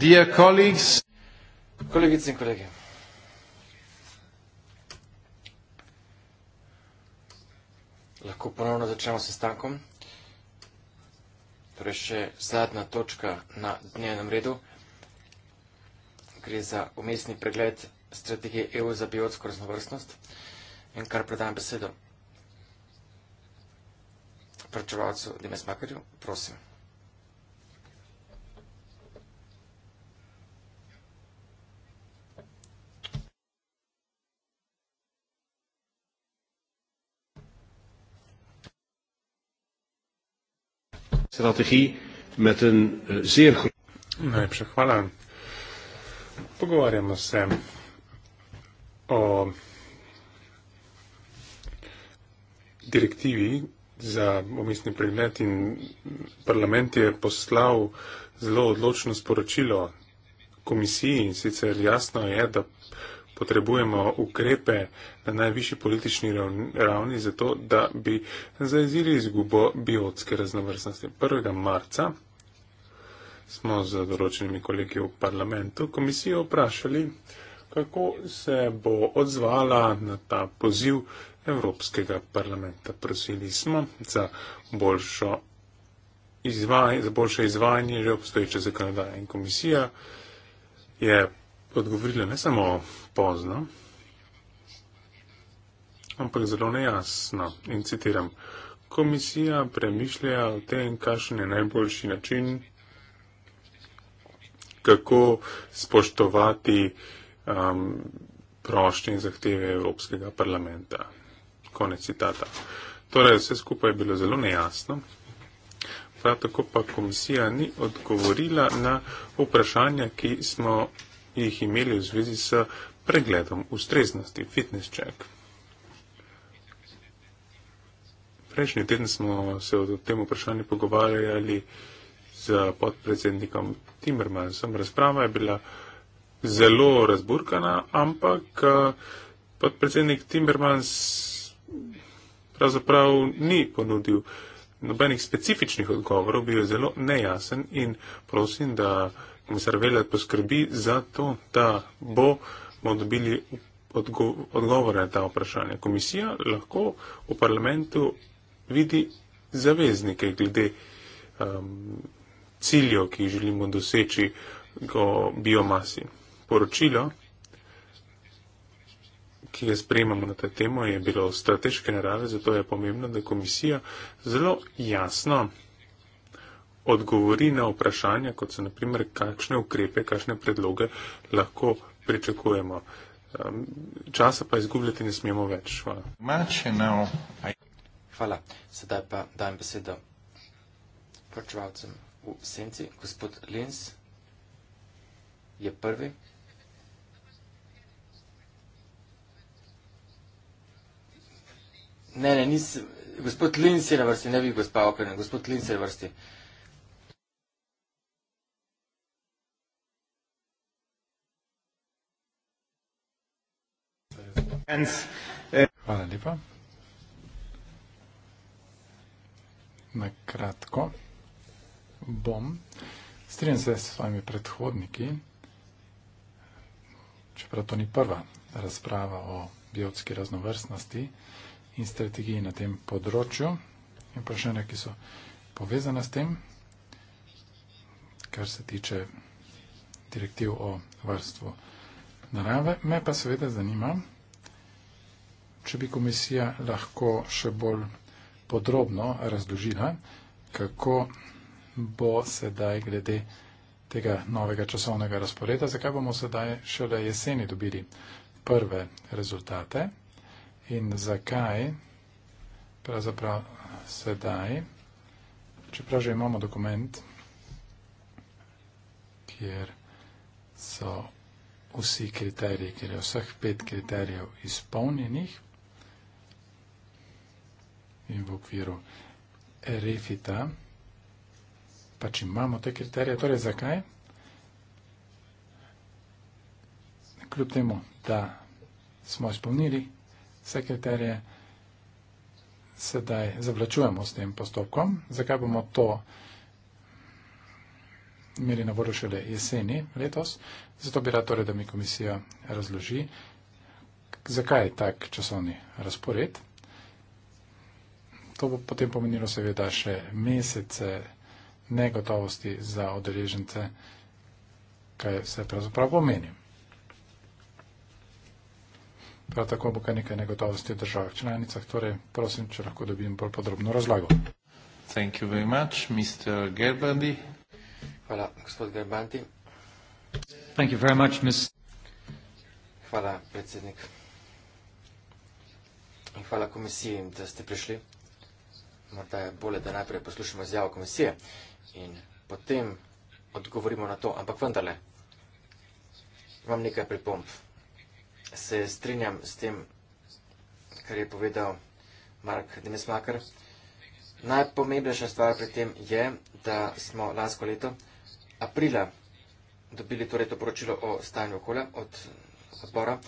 Speaker 1: Dear colleagues,
Speaker 3: kolegice in kolege. Lahko ponovno začnemo s stankom. Torej še zadnja točka na dnevnem redu. Gre za umestni pregled strategije EU za biotsko raznovrstnost. In kar predajam besedo prečevalcu Dimes Makarju, prosim.
Speaker 2: strategij met een uh, zeer groot. Najlepša hvala. Pogovarjamo se o direktivi za omestni pregled in parlament je poslal zelo odločno sporočilo komisiji in sicer jasno je, da potrebujemo ukrepe na najvišji politični ravni za to, da bi zaezili izgubo biotske raznovrstnosti. 1. marca smo z določenimi kolegi v parlamentu komisijo vprašali, kako se bo odzvala na ta poziv Evropskega parlamenta. Prosili smo za boljšo. Izvaj, za boljše izvajanje že obstoječe zakonodaje. In komisija je odgovorila ne samo pozno, ampak zelo nejasno. In citiram, komisija premišlja o tem, kakšen je najboljši način, kako spoštovati um, prošnje in zahteve Evropskega parlamenta. Konec citata. Torej, vse skupaj je bilo zelo nejasno. Prav tako pa komisija ni odgovorila na vprašanja, ki smo jih imeli v zvezi s pregledom ustreznosti fitness check. Prejšnji teden smo se o tem vprašanju pogovarjali z podpredsednikom Timmermansom. Razprava je bila zelo razburkana, ampak eh, podpredsednik Timmermans pravzaprav ni ponudil nobenih specifičnih odgovorov, bil je zelo nejasen in prosim, da komisar Velja poskrbi za to, da bo bomo dobili odgo odgovore na ta vprašanja. Komisija lahko v parlamentu vidi zaveznike glede um, ciljev, ki jih želimo doseči o biomasi. Poročilo, ki ga sprejemamo na to temo, je bilo strateške narave, zato je pomembno, da komisija zelo jasno odgovori na vprašanja, kot so naprimer, kakšne ukrepe, kakšne predloge lahko pričakujemo. Časa pa izgubljati ne smemo več.
Speaker 3: Hvala. Hvala. Sedaj pa dajem besedo vprašalcem v senci. Gospod Lins je prvi. Ne, ne, nisem. Gospod Lins je na vrsti, ne vi, gospod Okren, gospod Lins je na vrsti. Uh,
Speaker 1: Hvala lepa. Na kratko bom. Strenim se s svojimi predhodniki, čeprav to ni prva razprava o biotski raznovrstnosti in strategiji na tem področju in vprašanja, ki so povezane s tem, kar se tiče direktiv o varstvu narave. Me pa seveda zanima, če bi komisija lahko še bolj podrobno razložila, kako bo sedaj glede tega novega časovnega razporeda, zakaj bomo sedaj šele jeseni dobili prve rezultate in zakaj pravzaprav sedaj, čeprav že imamo dokument, kjer so vsi kriteriji, kjer je vseh pet kriterijev izpolnjenih, in v okviru refita pač imamo te kriterije. Torej, zakaj? Kljub temu, da smo izpolnili vse kriterije, sedaj zavlačujemo s tem postopkom. Zakaj bomo to imeli na voru šele jeseni letos? Zato bi rad torej, da mi komisija razloži, zakaj je tak časovni razpored to bo potem pomenilo seveda še mesece negotovosti za odeležence, kaj se pravzaprav pomeni. Prav tako bo kar nekaj negotovosti v državah članicah, torej prosim, če lahko dobim bolj podrobno razlago. Thank you very much, Mr. Gerbandi.
Speaker 3: Hvala, gospod Gerbandi.
Speaker 1: Thank you very much, Ms.
Speaker 3: Hvala, predsednik. In hvala komisiji, da ste prišli morda je bolje, da najprej poslušamo izjavo komisije in potem odgovorimo na to, ampak vendarle, imam nekaj pripomb. Se strinjam s tem, kar je povedal Mark Demesmaker. Najpomembnejša stvar pri tem je, da smo lansko leto, aprila, dobili torej to poročilo o stanju okolja od odbora.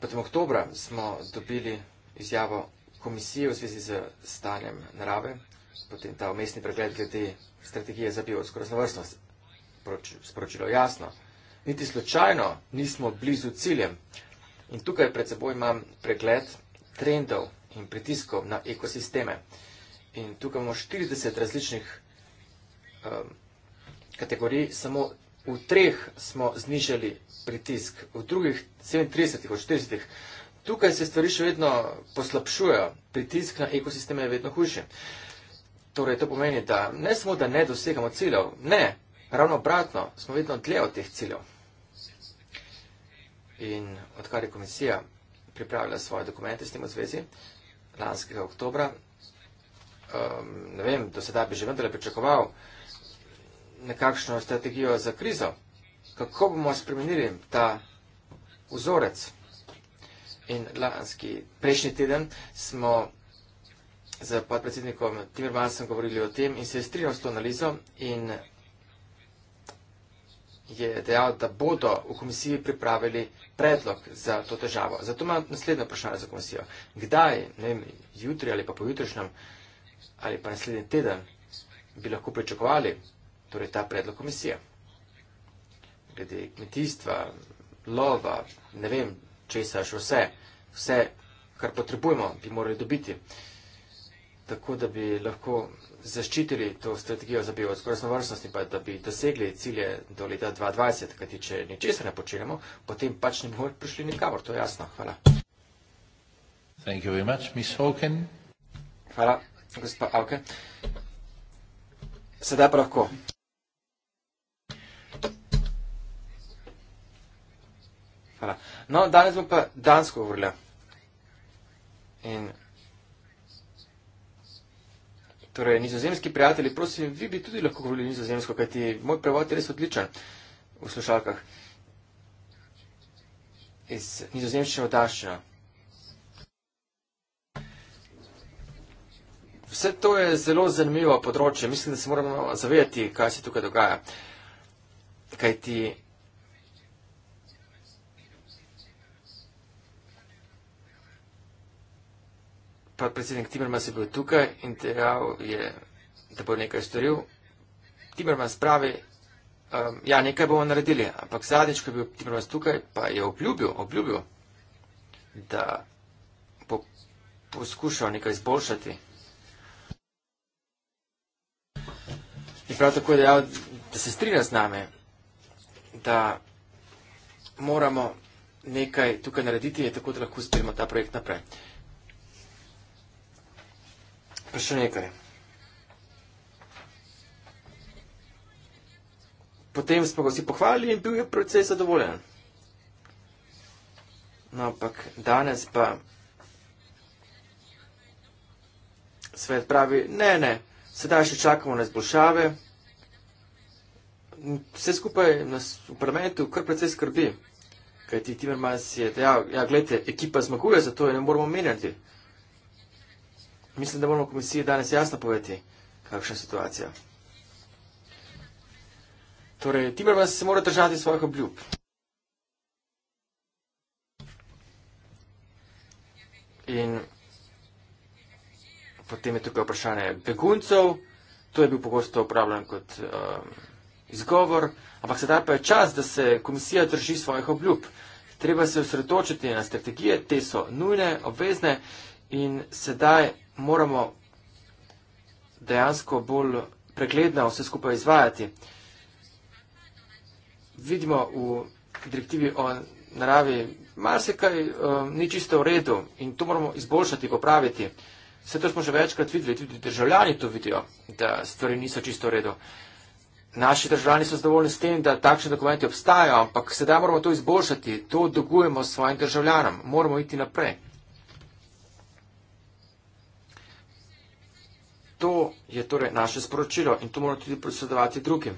Speaker 3: Potem oktobra smo dobili izjavo komisije v zvezi z stanjem narave, potem ta omestni pregled glede strategije za biotsko raznovrstnost sporočilo jasno. Niti slučajno nismo blizu ciljem. In tukaj pred seboj imam pregled trendov in pritiskov na ekosisteme. In tukaj imamo 40 različnih um, kategorij, samo v treh smo znižali pritisk, v drugih 37 od 40 tukaj se stvari še vedno poslabšujejo, pritisk na ekosisteme je vedno hujši. Torej, to pomeni, da ne samo, da ne dosegamo ciljev, ne, ravno obratno, smo vedno dlje od teh ciljev. In odkar je komisija pripravila svoje dokumente s tem v zvezi, lanskega oktobra, um, ne vem, do sedaj bi že vendarle pričakoval nekakšno strategijo za krizo, kako bomo spremenili ta vzorec in lanski. Prejšnji teden smo z podpredsednikom Timmermansom govorili o tem in se je strinjal s to analizo in je dejal, da bodo v komisiji pripravili predlog za to težavo. Zato imam naslednjo vprašanje za komisijo. Kdaj, ne vem, jutri ali pa pojutrišnjem ali pa naslednji teden bi lahko pričakovali torej ta predlog komisije? Glede kmetijstva, lova, ne vem, česar še vse, vse, kar potrebujemo, bi morali dobiti. Tako da bi lahko zaščitili to strategijo za biotsko varnost in pa da bi dosegli cilje do leta 2020, kajti če ničesar ne počnemo, potem pač ne bomo prišli nikamor, to je jasno. Hvala.
Speaker 1: Thank you very much, Ms. Hawken.
Speaker 3: Hvala, gospa Auke. Sedaj pa lahko. Hvala. No, danes bom pa dansko govorila. In torej, nizozemski prijatelji, prosim, vi bi tudi lahko govorili nizozemsko, kajti moj prevod je res odličen v slušalkah. Iz nizozemščine odaščina. Vse to je zelo zanimivo področje. Mislim, da se moramo zavedati, kaj se tukaj dogaja. Kajti pa predsednik Timerman se bil tukaj in dejal je, da bo nekaj storil. Timerman spravi, um, ja, nekaj bomo naredili, ampak zadnjič, ko je bil Timerman tukaj, pa je obljubil, obljubil, da bo poskušal nekaj izboljšati. In prav tako je dejal, da se strinja z nami, da moramo nekaj tukaj narediti, tako da lahko uspemo ta projekt naprej. Pa še nekaj. Potem smo ga vsi pohvalili in bil je precej zadovoljen. No, ampak danes pa svet pravi, ne, ne, sedaj še čakamo na izboljšave. Vse skupaj nas v parlamentu kar precej skrbi. Kaj ti Timerman si je dejal, ja, gledajte, ekipa zmaguje, zato jo ne moramo menjati. Mislim, da moramo komisiji danes jasno povedati, kakšna je situacija. Torej, Timmermans se mora držati svojih obljub. In potem je tukaj vprašanje beguncev, to je bil pogosto upravljen kot um, izgovor, ampak sedaj pa je čas, da se komisija drži svojih obljub. Treba se osredotočiti na strategije, te so nujne, obvezne in sedaj moramo dejansko bolj pregledno vse skupaj izvajati. Vidimo v direktivi o naravi, malo se kaj um, eh, ni čisto v redu in to moramo izboljšati, popraviti. Vse to smo že večkrat videli, tudi državljani to vidijo, da stvari niso čisto v redu. Naši državljani so zadovoljni s tem, da takšne dokumenti obstajajo, ampak sedaj moramo to izboljšati, to dogujemo svojim državljanom, moramo iti naprej. To je torej naše sporočilo in to mora tudi predsedovati drugim.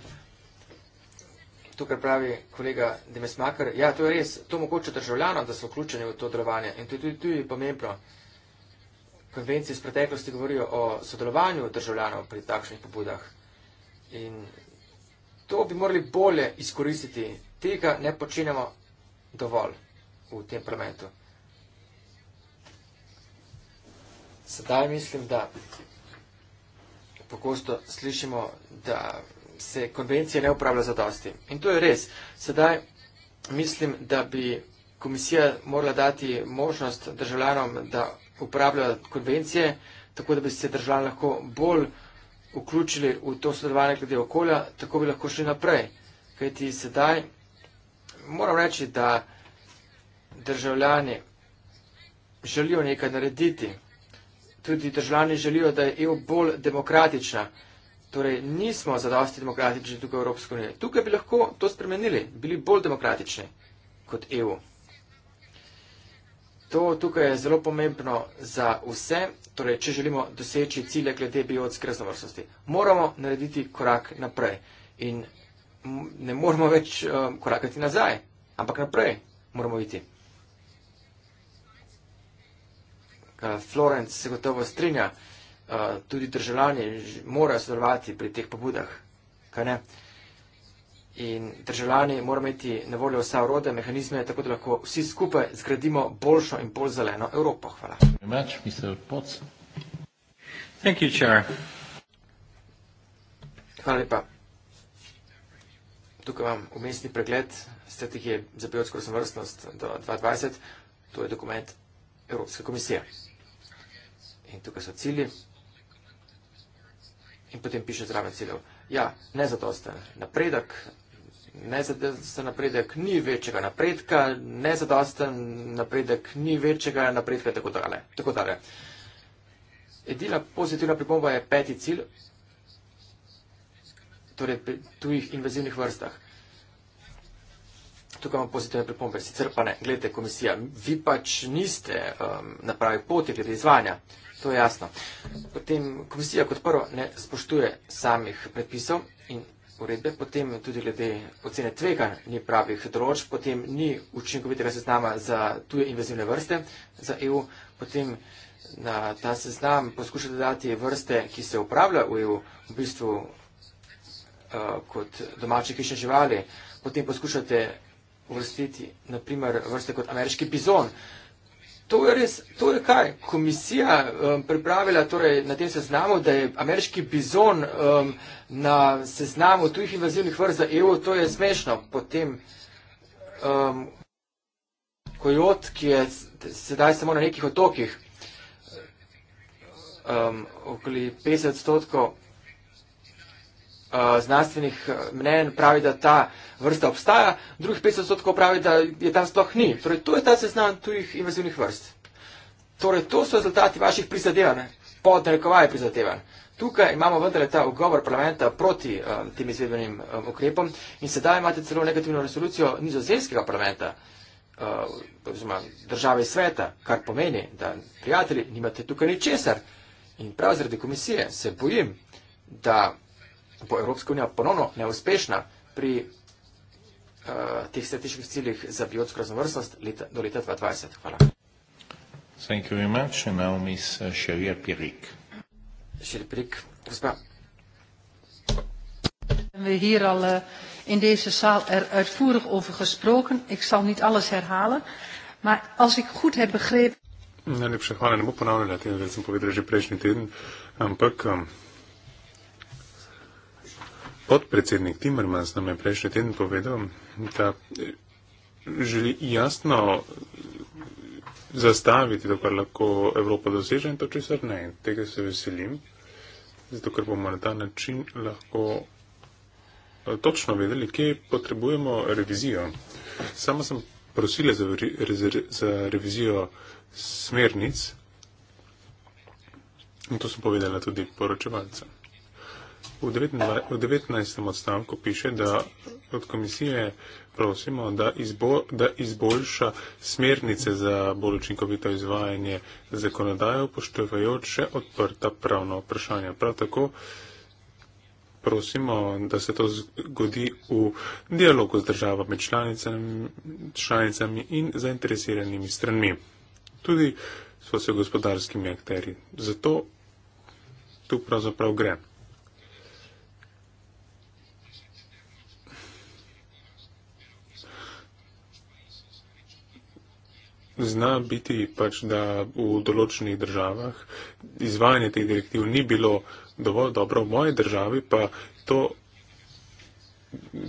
Speaker 3: To, kar pravi kolega Demesmaker, ja, to je res, to mogoče državljanom, da so vključeni v to delovanje in to je tudi, tudi pomembno. Konvencije iz preteklosti govorijo o sodelovanju državljanov pri takšnih pobudah in to bi morali bolje izkoristiti, tega ne počinjamo dovolj v tem parlamentu. Sedaj mislim, da pogosto slišimo, da se konvencija ne upravlja za dosti. In to je res. Sedaj mislim, da bi komisija morala dati možnost državljanom, da upravljajo konvencije, tako da bi se državljani lahko bolj vključili v to sodelovanje glede okolja, tako bi lahko šli naprej. Kajti sedaj moram reči, da državljani želijo nekaj narediti tudi državljani želijo, da je EU bolj demokratična. Torej, nismo zadosti demokratični tukaj v Evropsko unijo. Tukaj bi lahko to spremenili, bili bolj demokratični kot EU. To tukaj je zelo pomembno za vse, torej, če želimo doseči cilje glede biotske raznovrstnosti. Moramo narediti korak naprej in ne moramo več uh, korakati nazaj, ampak naprej moramo iti. Eh, Florence se gotovo strinja, eh, tudi državljani morajo sodelovati pri teh pobudah, kaj ne? In državljani morajo imeti na voljo vsa urode, mehanizme, tako da lahko vsi skupaj zgradimo boljšo in bolj zeleno Evropo. Hvala. Hvala lepa. Tukaj vam umestni pregled strategije za biotsko raznovrstnost do 2020. To je dokument Evropske komisije. In tukaj so cilji. In potem piše zraven ciljev. Ja, nezadosten napredek, nezadosten napredek, ni večjega napredka, nezadosten napredek, ni večjega napredka, tako dalje. Tako dalje. Edina pozitivna pripomba je peti cilj, torej pri tujih invazivnih vrstah. Tukaj imamo pozitivne pripombe, sicer pa ne, gledajte, komisija, vi pač niste um, na pravi poti glede izvanja. To je jasno. Potem komisija kot prvo ne spoštuje samih predpisov in uredbe, potem tudi glede ocene tvega ni pravih določb, potem ni učinkovitega seznama za tuje invazivne vrste za EU, potem na ta seznam poskuša dodati vrste, ki se upravlja v EU, v bistvu uh, kot domače hišne živali, potem poskušate uvrstiti naprimer vrste kot ameriški bizon. Uh, To je res, to je kaj. Komisija um, pripravila torej, na tem seznamu, da je ameriški bizon um, na seznamu tujih invazivnih vrst za EU, to je smešno. Potem um, kojot, ki je sedaj samo na nekih otokih, um, okoli 50 odstotkov uh, znanstvenih uh, mnen pravi, da ta uh, vrsta obstaja, drugih 500 odstotkov pravi, da je tam sploh ni. Torej, to je ta seznam tujih invazivnih vrst. Torej, to so rezultati vaših prizadevanj, pod narekovaj prizadevanj. Tukaj imamo vendarle ta ogovor parlamenta proti um, tem izvedbenim um, ukrepom in sedaj imate celo negativno resolucijo nizozemskega parlamenta, uh, oziroma države sveta, kar pomeni, da prijatelji nimate tukaj ničesar. In prav zaradi komisije se bojim, da bo Evropska unija ponovno neuspešna pri uh, teh strateških ciljih za biotsko raznovrstnost leta, do leta 2020. Hvala.
Speaker 1: Thank you very much. And now Miss eh, Sheria Pirik. Sheria Pirik, gospa. We hier al uh, in deze zaal er uitvoerig over gesproken. Ik zal niet alles herhalen. Maar als ik goed heb begrepen.
Speaker 2: Najlepša hvala, ne bo ponavljala tega, kar sem povedala že prejšnji teden, ampak um, podpredsednik Timmermans nam je prejšnji teden povedal, da želi jasno zastaviti to, kar lahko Evropa doseže in to, če se ne. Tega se veselim, zato ker bomo na ta način lahko eh, točno vedeli, kje potrebujemo revizijo. Sama sem prosila za, re, za revizijo smernic in to sem povedala tudi poročevalcem v 19, v 19. odstavku piše, da od komisije prosimo, da, izbo, da izboljša smernice za bolj učinkovito izvajanje zakonodaje, upoštevajoč še odprta pravna vprašanja. Prav tako prosimo, da se to zgodi v dialogu z državami članicami, članicami in zainteresiranimi stranmi. Tudi so se gospodarskimi akteri. Zato tu pravzaprav gre. Zna biti pač, da v določenih državah izvajanje teh direktiv ni bilo dovolj dobro, v moji državi pa to,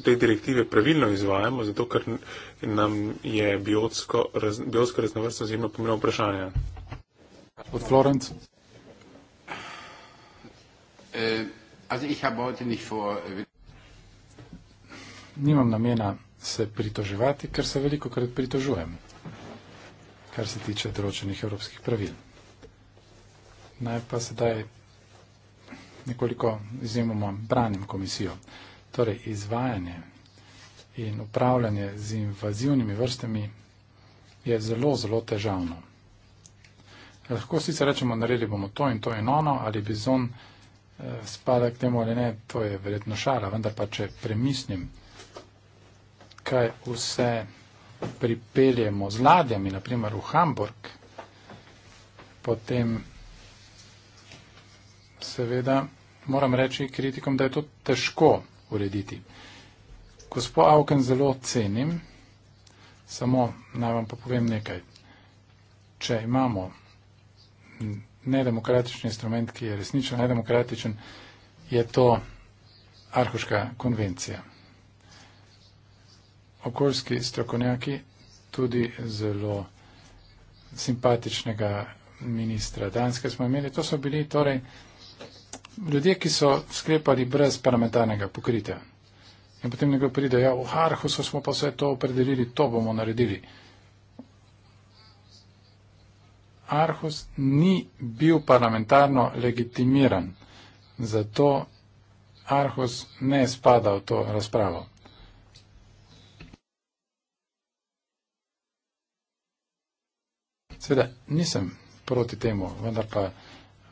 Speaker 2: te direktive pravilno izvajamo, zato ker nam je raz, biotsko raznovrstvo zelo pomembno vprašanje.
Speaker 1: Od Florence. Eh, äh, Nimam namena se pritoževati, ker se veliko krat pritožujem kar se tiče določenih evropskih pravil. Naj pa sedaj nekoliko izjemoma branim komisijo. Torej, izvajanje in upravljanje z invazivnimi vrstami je zelo, zelo težavno. Lahko sicer rečemo, naredili bomo to in to in ono, ali bizon eh, spada k temu ali ne, to je verjetno šala, vendar pa če premislim, kaj vse pripeljemo z ladjami, naprimer v Hamburg, potem seveda moram reči kritikom, da je to težko urediti. Gospod Avken zelo cenim, samo naj vam pa povem nekaj. Če imamo nedemokratični instrument, ki je resnično nedemokratičen, je to Arhuška konvencija okoljski strokovnjaki, tudi zelo simpatičnega ministra Danske smo imeli. To so bili torej ljudje, ki so sklepali brez parlamentarnega pokritja. In potem nekdo pride, ja, v Harhusu smo pa vse to opredelili, to bomo naredili. Arhus ni bil parlamentarno legitimiran, zato Arhus ne spada v to razpravo. Sveda, nisem proti temu, vendar pa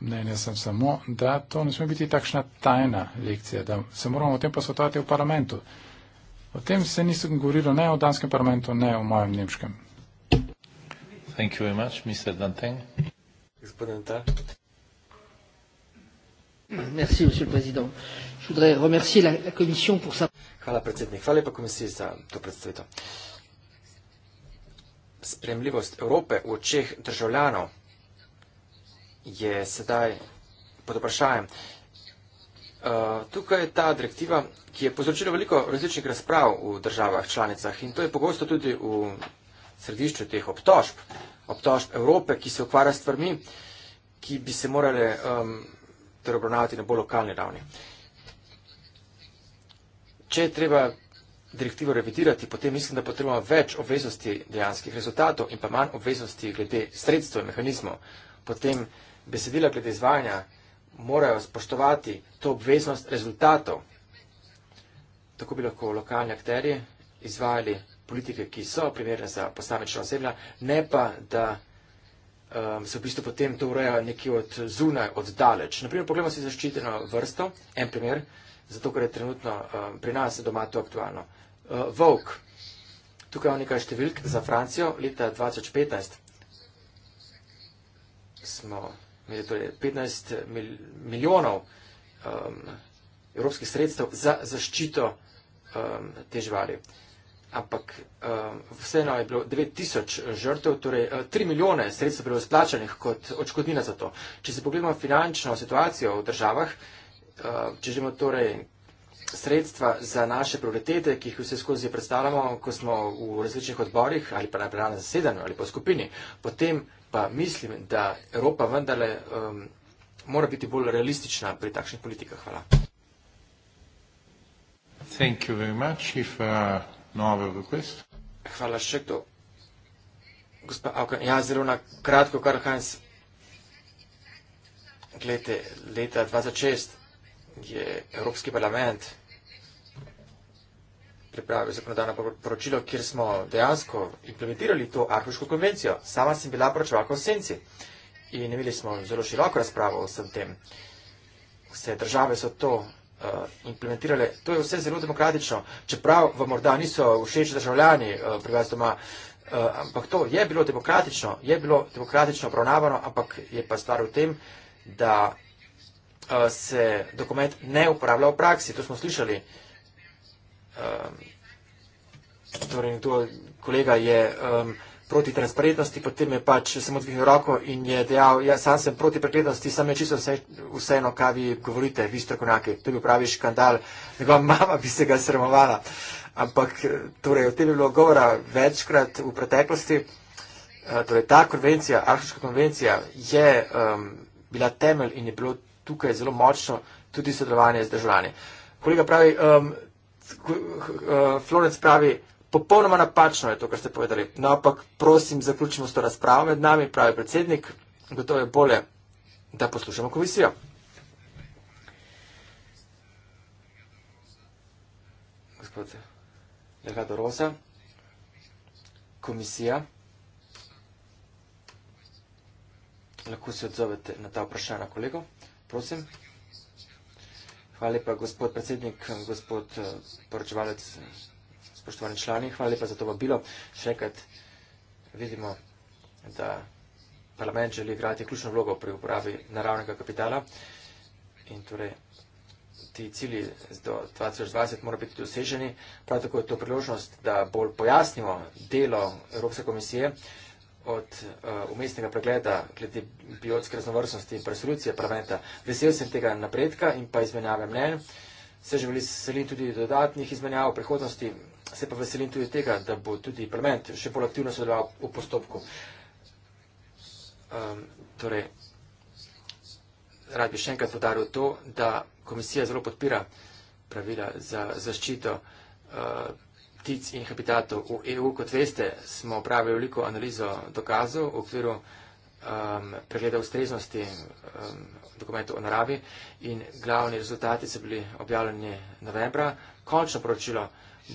Speaker 1: mnenja sem samo, da to ne sme biti takšna tajna lekcija, da se moramo o tem posvetovati v parlamentu. O tem se niso govorilo ne v danskem parlamentu, ne v mojem nemškem. Thank you very much, Mr. Danteng.
Speaker 3: Gospodin Tar. Merci, monsieur le président. Je voudrais remercier la, la commission pour sa... Hvala, predsednik. Hvala lepa komisiji za to predstavitev spremljivost Evrope v očeh državljanov je sedaj pod vprašajem. Eh, tukaj je ta direktiva, ki je povzročila veliko različnih razprav v državah članicah in to je pogosto tudi v središču teh obtožb, obtožb Evrope, ki se ukvarja s tvrmi, ki bi se morali um, torej obravnavati na bolj lokalni ravni. Če je treba direktivo revidirati, potem mislim, da potrebujemo več obveznosti dejanskih rezultatov in pa manj obveznosti glede sredstva in mehanizmov. Potem besedila glede izvajanja morajo spoštovati to obveznost rezultatov. Tako bi lahko lokalni akteri izvajali politike, ki so primerne za posamečna osebna, ne pa, da um, se v bistvu potem to ureja nekje od zunaj, od daleč. Naprimer, pogledamo si zaščiteno vrsto. En primer zato ker je trenutno um, pri nas doma to aktualno. Uh, eh, Vok, tukaj je nekaj številk za Francijo, leta 2015 smo imeli torej 15 mil, milijonov um, evropskih sredstev za zaščito um, te živali. Ampak um, vseeno je bilo 9000 žrtev, torej 3 eh, milijone sredstev bilo izplačanih kot očkodnina za to. Če se pogledamo finančno situacijo v državah, Eh, če želimo torej sredstva za naše prioritete, ki jih vse skozi predstavljamo, ko smo v različnih odborih ali pa na plenarno zasedanju ali po skupini, potem pa mislim, da Evropa vendarle um, mora biti bolj realistična pri takšnih politikah. Hvala.
Speaker 2: Thank you very much. If, uh,
Speaker 3: Hvala še kdo. Gospa, okay, ja, zelo na kratko, kar Hans. Glede, leta 2006 je Evropski parlament pripravil zakonodajno poročilo, kjer smo dejansko implementirali to Arhuško konvencijo. Sama sem bila poročevalka v senci in imeli smo zelo široko razpravo o vsem tem. Vse države so to eh, implementirale. To je vse zelo demokratično. Čeprav vam morda niso všeč državljani eh, pri vas doma, eh, ampak to je bilo demokratično, je bilo demokratično obravnavano, ampak je pa stvar v tem, da Uh, se dokument ne uporablja v praksi. To smo slišali. Um, torej, tu kolega je um, proti transparentnosti, potem je pač sem odvihil roko in je dejal, ja, sam sem proti preglednosti, sam je čisto vse, vseeno, kaj vi govorite, vi strokovnjaki, to je bil pravi škandal, njegova [laughs] mama bi se ga sramovala. Ampak torej, o tem je bilo govora večkrat v preteklosti. Uh, torej, ta konvencija, Arhuška konvencija, je um, bila temelj in je bilo tukaj zelo močno tudi sodelovanje z državljani. Kolega pravi, um, uh, Florence pravi, popolnoma napačno je to, kar ste povedali. No, ampak prosim, zaključimo s to razpravo med nami, pravi predsednik, gotovo je bolje, da poslušamo komisijo. Gospod Delgado Rosa, komisija, lahko se odzovete na ta vprašanja kolego. Prosim. Hvala lepa, gospod predsednik, gospod eh, poročevalec, spoštovani člani. Hvala lepa za to vabilo. Še enkrat vidimo, da parlament želi igrati ključno vlogo pri uporabi naravnega kapitala in torej ti cilji do 2020 morajo biti doseženi. Prav tako je to priložnost, da bolj pojasnimo delo Evropske komisije od eh, umestnega pregleda glede biotske raznovrstnosti in presolucije parlamenta. Vesel sem tega napredka in pa izmenjave mnen. Se že veselim tudi dodatnih izmenjav v prihodnosti, se pa veselim tudi tega, da bo tudi parlament še bolj aktivno sodeloval v postopku. Um, torej, rad bi še enkrat podaril to, da komisija zelo podpira pravila za zaščito uh, ptic in habitatov. V EU, kot veste, smo pravili veliko analizo dokazov v okviru um, pregleda ustreznosti um, dokumentov o naravi in glavni rezultati so bili objavljeni novembra. Končno poročilo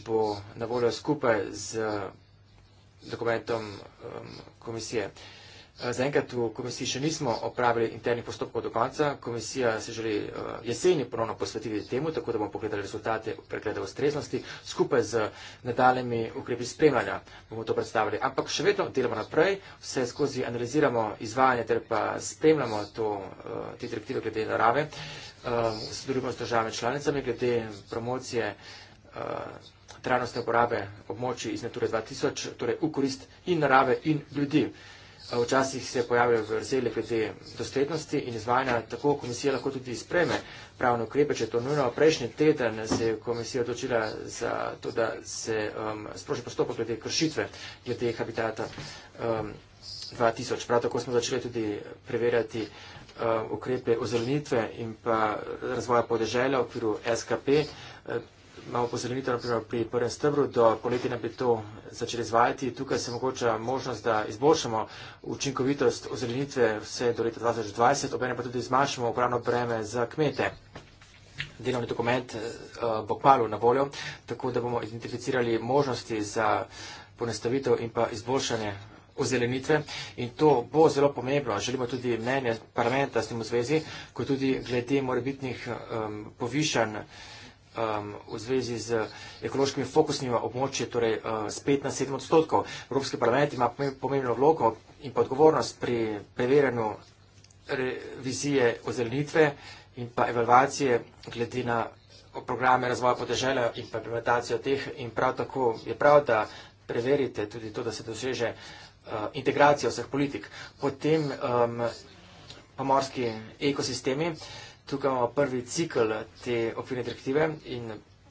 Speaker 3: bo na voljo skupaj z dokumentom um, komisije. Uh, Eh, zaenkrat v komisiji še nismo opravili internih postopkov do konca. Komisija se želi eh, jeseni ponovno posvetiti temu, tako da bomo pogledali rezultate pregleda ustreznosti skupaj z nadaljnimi ukrepi spremljanja. Bomo to predstavili. Ampak še vedno delamo naprej, vse skozi analiziramo izvajanje ter pa spremljamo to, eh, te direktive glede narave. Sodelujemo s državami članicami glede promocije trajnostne uporabe območij iz Nature 2000, torej v korist in narave in ljudi. Včasih se pojavljajo vrzeli glede doslednosti in izvajanja, tako komisija lahko tudi spreme pravno ukrepe, če je to nujno. Prejšnji teden se je komisija odločila za to, da se um, sproži postopek glede kršitve glede habitata um, 2000. Prav tako smo začeli tudi preverjati um, ukrepe ozelenitve in pa razvoja podeželja v okviru SKP. Um, malo pozelenitev pri prvem stebru, do poleti nam bi to začeli izvajati. Tukaj se mogoče možnost, da izboljšamo učinkovitost ozelenitve vse do leta 2020, obene pa tudi zmanjšamo upravno breme za kmete. Delovni dokument uh, bo kvalu na voljo, tako da bomo identificirali možnosti za ponestavitev in pa izboljšanje ozelenitve in to bo zelo pomembno. Želimo tudi mnenje parlamenta s tem v zvezi, kot tudi glede morebitnih um, povišanj um, v zvezi z ekološkimi fokusnimi območji, torej uh, spet na 7 odstotkov. Evropski parlament ima pomembno vlogo in podgovornost pri preverjanju vizije ozelenitve in pa evalvacije glede na programe razvoja podeželja in pa implementacijo teh in prav tako je prav, da preverite tudi to, da se doseže uh, integracija vseh politik. Potem um, pomorski ekosistemi. Uh, Tukaj imamo prvi cikl te okvirne direktive in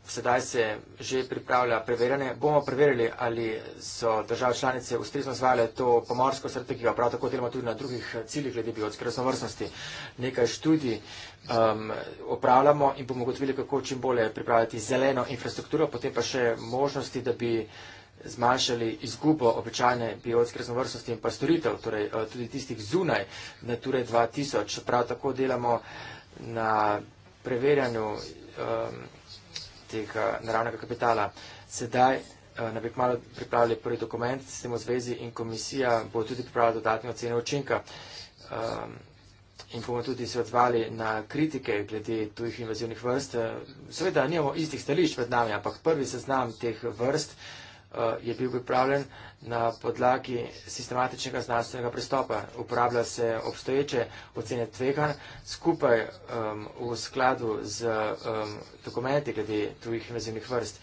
Speaker 3: sedaj se že pripravlja preverjanje. Bomo preverili, ali so države članice ustrezno zvale to pomorsko strategijo, prav tako delamo tudi na drugih ciljih glede biotske raznovrstnosti. Nekaj študij um, opravljamo in bomo gotovili, kako čim bolje pripravljati zeleno infrastrukturo, potem pa še možnosti, da bi zmanjšali izgubo običajne biotske raznovrstnosti in pa storitev, torej uh, tudi tistih zunaj Nature 2000. Prav tako delamo na preverjanju um, tega naravnega kapitala. Sedaj uh, nam bi kmalo pripravili prvi dokument s tem v zvezi in komisija bo tudi pripravila dodatne ocene učinka. Um, in bomo tudi se odzvali na kritike glede tujih invazivnih vrst. Uh, seveda, nimamo istih stališč med nami, ampak prvi seznam teh vrst uh, Eh, je bil pripravljen na podlagi sistematičnega znanstvenega pristopa. Uporablja se obstoječe ocene tvegan skupaj v skladu z dokumenti glede tujih invazivnih vrst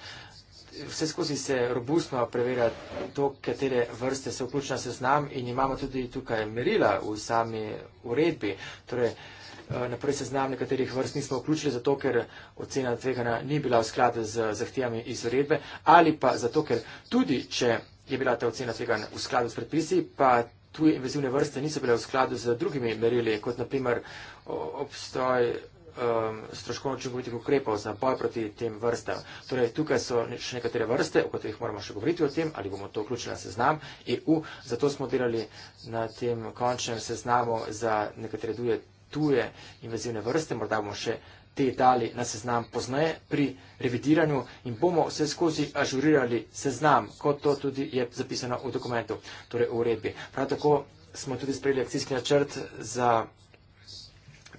Speaker 3: vse skozi se robustno preverja to, katere vrste se vključna se znam in imamo tudi tukaj merila v sami uredbi. Torej, eh, Na prvi seznam nekaterih vrst nismo vključili zato, ker ocena tvegana ni bila v skladu z zahtevami iz uredbe ali pa zato, ker tudi, če je bila ta ocena tvegana v skladu s predpisi, pa tuje invazivne vrste niso bile v skladu z drugimi merili, kot naprimer obstoj um, stroškovno učinkovitih ukrepov za boj proti tem vrstam. Torej, tukaj so še nekatere vrste, o katerih moramo še govoriti o tem, ali bomo to vključili na seznam EU. Zato smo delali na tem končnem seznamu za nekatere druge tuje invazivne vrste. Morda bomo še te dali na seznam poznaje pri revidiranju in bomo vse skozi ažurirali seznam, kot to tudi je zapisano v dokumentu, torej v uredbi. Prav tako smo tudi sprejeli akcijski načrt za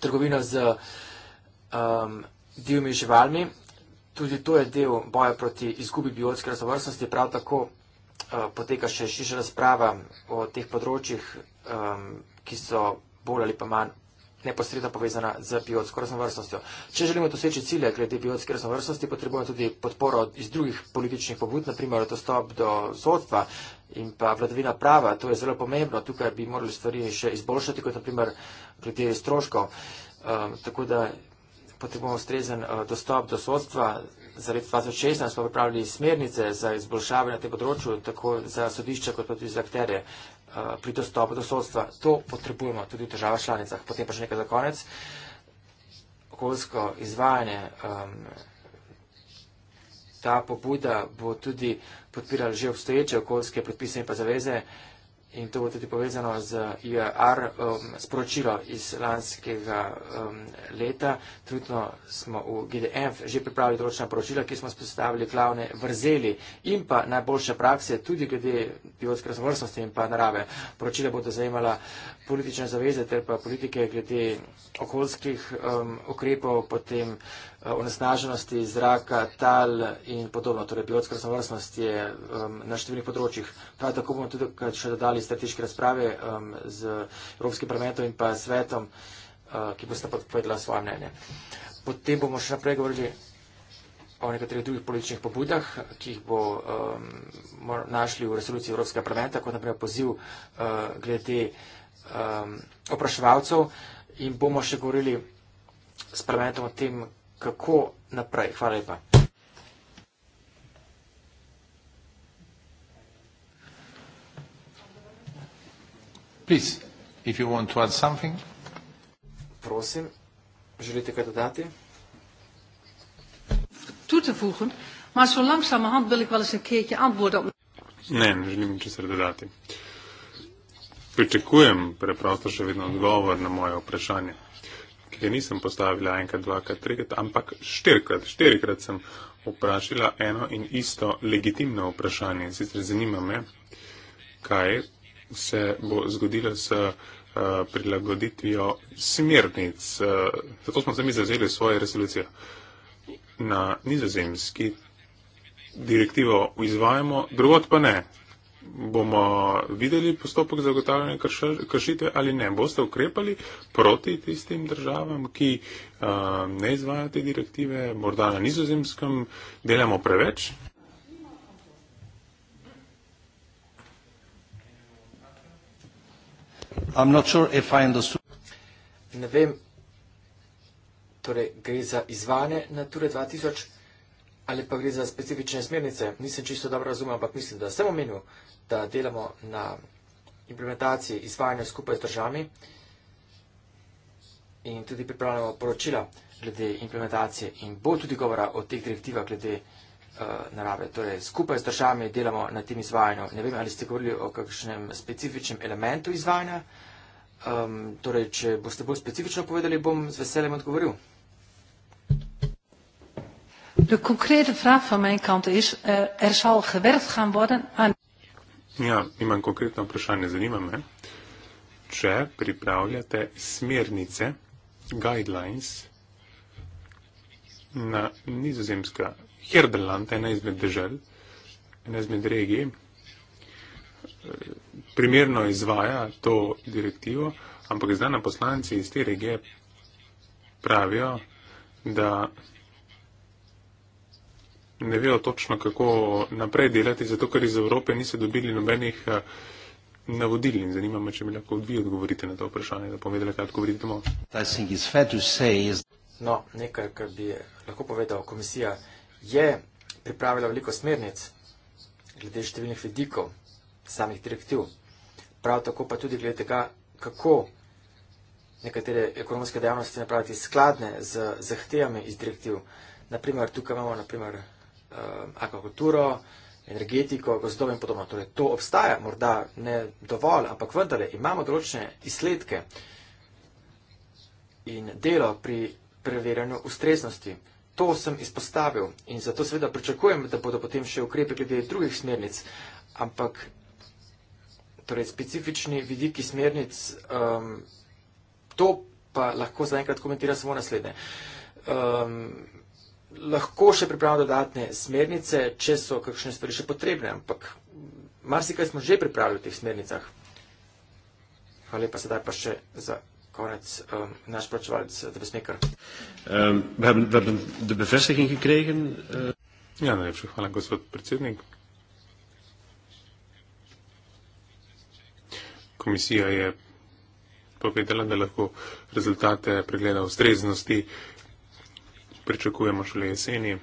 Speaker 3: trgovino z uh, um, divjimi živalmi. Tudi to je del boja proti izgubi biotske raznovrstnosti. Prav tako uh, poteka še širša razprava o teh področjih, um, ki so bolj ali pa manj neposredno povezana z biotsko raznovrstnostjo. Če želimo doseči cilje glede biotske raznovrstnosti, potrebujemo tudi podporo iz drugih političnih pobud, naprimer dostop do sodstva in pa vladavina prava. To je zelo pomembno. Tukaj bi morali stvari še izboljšati, kot naprimer glede stroškov. Um, tako da potrebujemo ustrezen eh, dostop do sodstva. Za leto 2016 smo pripravili smernice za izboljšave na tem področju, tako za sodišče kot tudi za akterje eh, pri dostopu do sodstva. To potrebujemo tudi v državah članicah. Potem pa še nekaj za konec. Okoljsko izvajanje. Ta pobuda bo tudi podpirala že obstoječe okoljske predpise in pa zaveze. In to bo tudi povezano z UAR um, sporočilo iz lanskega um, leta. Trenutno smo v GDF že pripravili določena poročila, ki smo spostavili glavne vrzeli in pa najboljše prakse, tudi glede biotske raznovrstnosti in pa narave. Poročila bodo zajemala politične zaveze ter pa politike glede okoljskih um, ukrepov, potem uh, Eh, onesnaženosti zraka, tal in podobno. Torej, biotska raznovrstnost je um, na številnih področjih. Prav tako bomo tudi še dodali strateške razprave um, z Evropskim parlamentom in pa svetom, uh, ki boste podpovedala svoje mnenje. Potem bomo še naprej govorili o nekaterih drugih političnih pobudah, ki jih bo um, našli v resoluciji Evropskega parlamenta, kot naprej poziv uh, glede um, opraševalcev in bomo še govorili s parlamentom o tem, kako naprej. Hvala lepa.
Speaker 1: Please, if you want to add something.
Speaker 3: Prosim, želite kaj dodati?
Speaker 2: Toe te voegen, maar zo langzamerhand wil ik wel eens een keertje antwoorden op. Nee, ne želim česar dodati. Pričakujem preprosto še vedno odgovor na moje vprašanje ga nisem postavila enkrat, dvakrat, trikrat, ampak štirikrat. Štirikrat sem vprašila eno in isto legitimno vprašanje. Sicer zanima me, kaj se bo zgodilo s uh, prilagoditvijo smernic. Uh, zato smo se mi zazeli svojo resolucijo. Na nizozemski direktivo izvajamo, drugot pa ne bomo videli postopek zagotavljanja kršitve ali ne. Boste ukrepali proti tistim državam, ki uh, ne izvajate direktive, morda na nizozemskem delamo preveč.
Speaker 3: Sure ne vem, torej gre za izvajanje Nature 2000 ali pa gre za specifične smernice, nisem čisto dobro razumel, ampak mislim, da sem omenil, da delamo na implementaciji izvajanja skupaj z državami in tudi pripravljamo poročila glede implementacije in bo tudi govora o teh direktivah glede eh, narave. Torej, skupaj z državami delamo na tem izvajanju. Ne vem, ali ste govorili o kakšnem specifičnem elementu izvajanja. Um, torej, če boste bolj specifično povedali, bom z veseljem odgovoril.
Speaker 1: De concrete vraag van mijn kant is: uh, er zal gewerkt gaan worden aan.
Speaker 2: Ja, ik heb een concreet vraag. Zanima me. Če pripravljate smernice, guidelines na nizozemska, Herderland, ena izmed držav, ena izmed regij, eh, primerno izvaja to direktivo, ampak zdaj na poslanci iz te regije pravijo, da ne vejo točno, kako naprej delati, zato ker iz Evrope niso dobili nobenih eh, navodil. In zanima me, če mi lahko vi odgovorite na to vprašanje, da povedali, kaj odgovorite
Speaker 1: domov.
Speaker 3: No, nekaj, kar bi lahko povedal. Komisija je pripravila veliko smernic glede številnih vidikov samih direktiv. Prav tako pa tudi glede tega, kako nekatere ekonomske dejavnosti napraviti skladne z zahtevami iz direktiv. Naprimer, tukaj imamo naprimer, uh, akvakulturo, energetiko, gozdove in podobno. Torej, to obstaja, morda ne dovolj, ampak vendarle imamo določene izsledke in delo pri preverjanju ustreznosti. To sem izpostavil in zato seveda pričakujem, da bodo potem še ukrepe glede drugih smernic, ampak torej, specifični vidiki smernic um, to pa lahko zaenkrat komentira samo naslednje. Um, lahko še pripravimo dodatne smernice, če so kakšne stvari še potrebne, ampak marsikaj smo že pripravili v teh smernicah. Hvala lepa, sedaj pa še za konec um, naš pročevalec, da bi smekar.
Speaker 2: Ja, najlepša hvala, gospod predsednik. Komisija je povedala, da lahko rezultate pregleda ustreznosti uh, pričakujemo šele jeseni.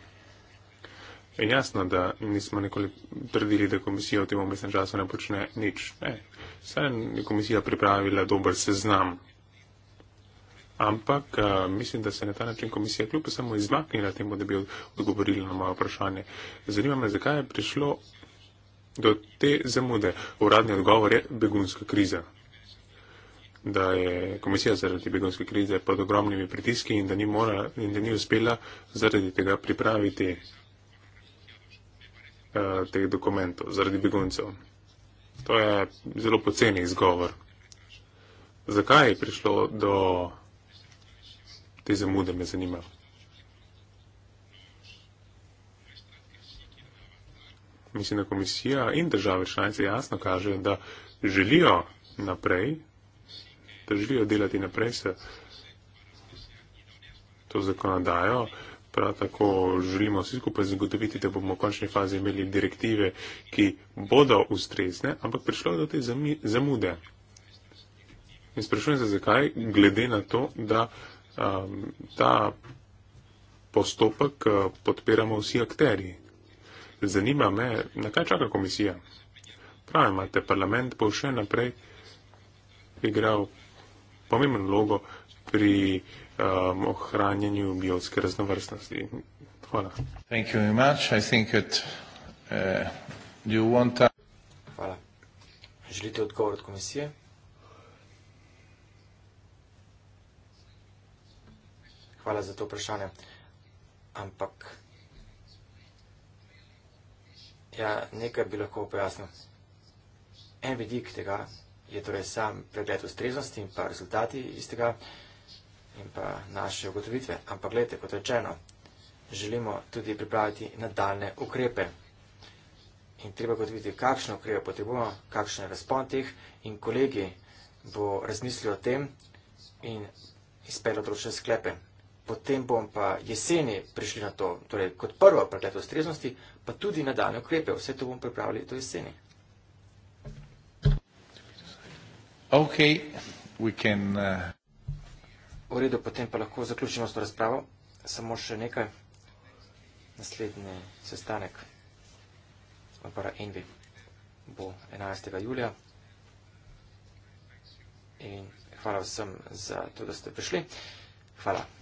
Speaker 2: In jasno, da nismo nikoli trdili, da komisija v tem obvesnem času ne počne nič. Ne. Saj je komisija pripravila dober seznam. Ampak a, eh, mislim, da se na ta način komisija kljub samo izmaknila temu, da bi odgovorila na moje vprašanje. Zanima me, zakaj je prišlo do te zamude. Uradni odgovor je begunska kriza da je komisija zaradi begonske krize pod ogromnimi pritiski in da ni, mora, in da ni uspela zaradi tega pripraviti uh, teh dokumentov, zaradi beguncev. To je zelo poceni izgovor. Zakaj je prišlo do te zamude, me zanima. Mislim, da komisija in države članice jasno kažejo, da želijo naprej da želijo delati naprej se to zakonodajo. Prav tako želimo vsi skupaj zagotoviti, da bomo v končni fazi imeli direktive, ki bodo ustrezne, ampak prišlo je do te zamude. In sprašujem se, zakaj, glede na to, da um, ta postopek uh, podpiramo vsi akteri. Zanima me, na kaj čaka komisija. Pravim, imate parlament, bo še naprej igral pomemben logo pri um, ohranjanju biotske raznovrstnosti.
Speaker 1: Hvala. Uh, Hvala.
Speaker 3: Želite odgovor od komisije? Hvala za to vprašanje. Ampak ja, nekaj bi lahko pojasnil. En vidik tega, je torej sam pregled ustreznosti in pa rezultati istega in pa naše ugotovitve. Ampak gledajte, kot rečeno, želimo tudi pripraviti nadaljne ukrepe. In treba ugotoviti, kakšne ukrepe potrebujemo, kakšen je razpon teh in kolegi bo razmislil o tem in izpelo določene sklepe. Potem bom pa jeseni prišli na to, torej kot prvo pregled ustreznosti, pa tudi nadaljne ukrepe. Vse to bom pripravili do jeseni.
Speaker 1: Okay, we can, uh...
Speaker 3: V redu, potem pa lahko zaključimo s to razpravo. Samo še nekaj. Naslednji sestanek odbora Envi bo 11. julija. In hvala vsem za to, da ste prišli. Hvala.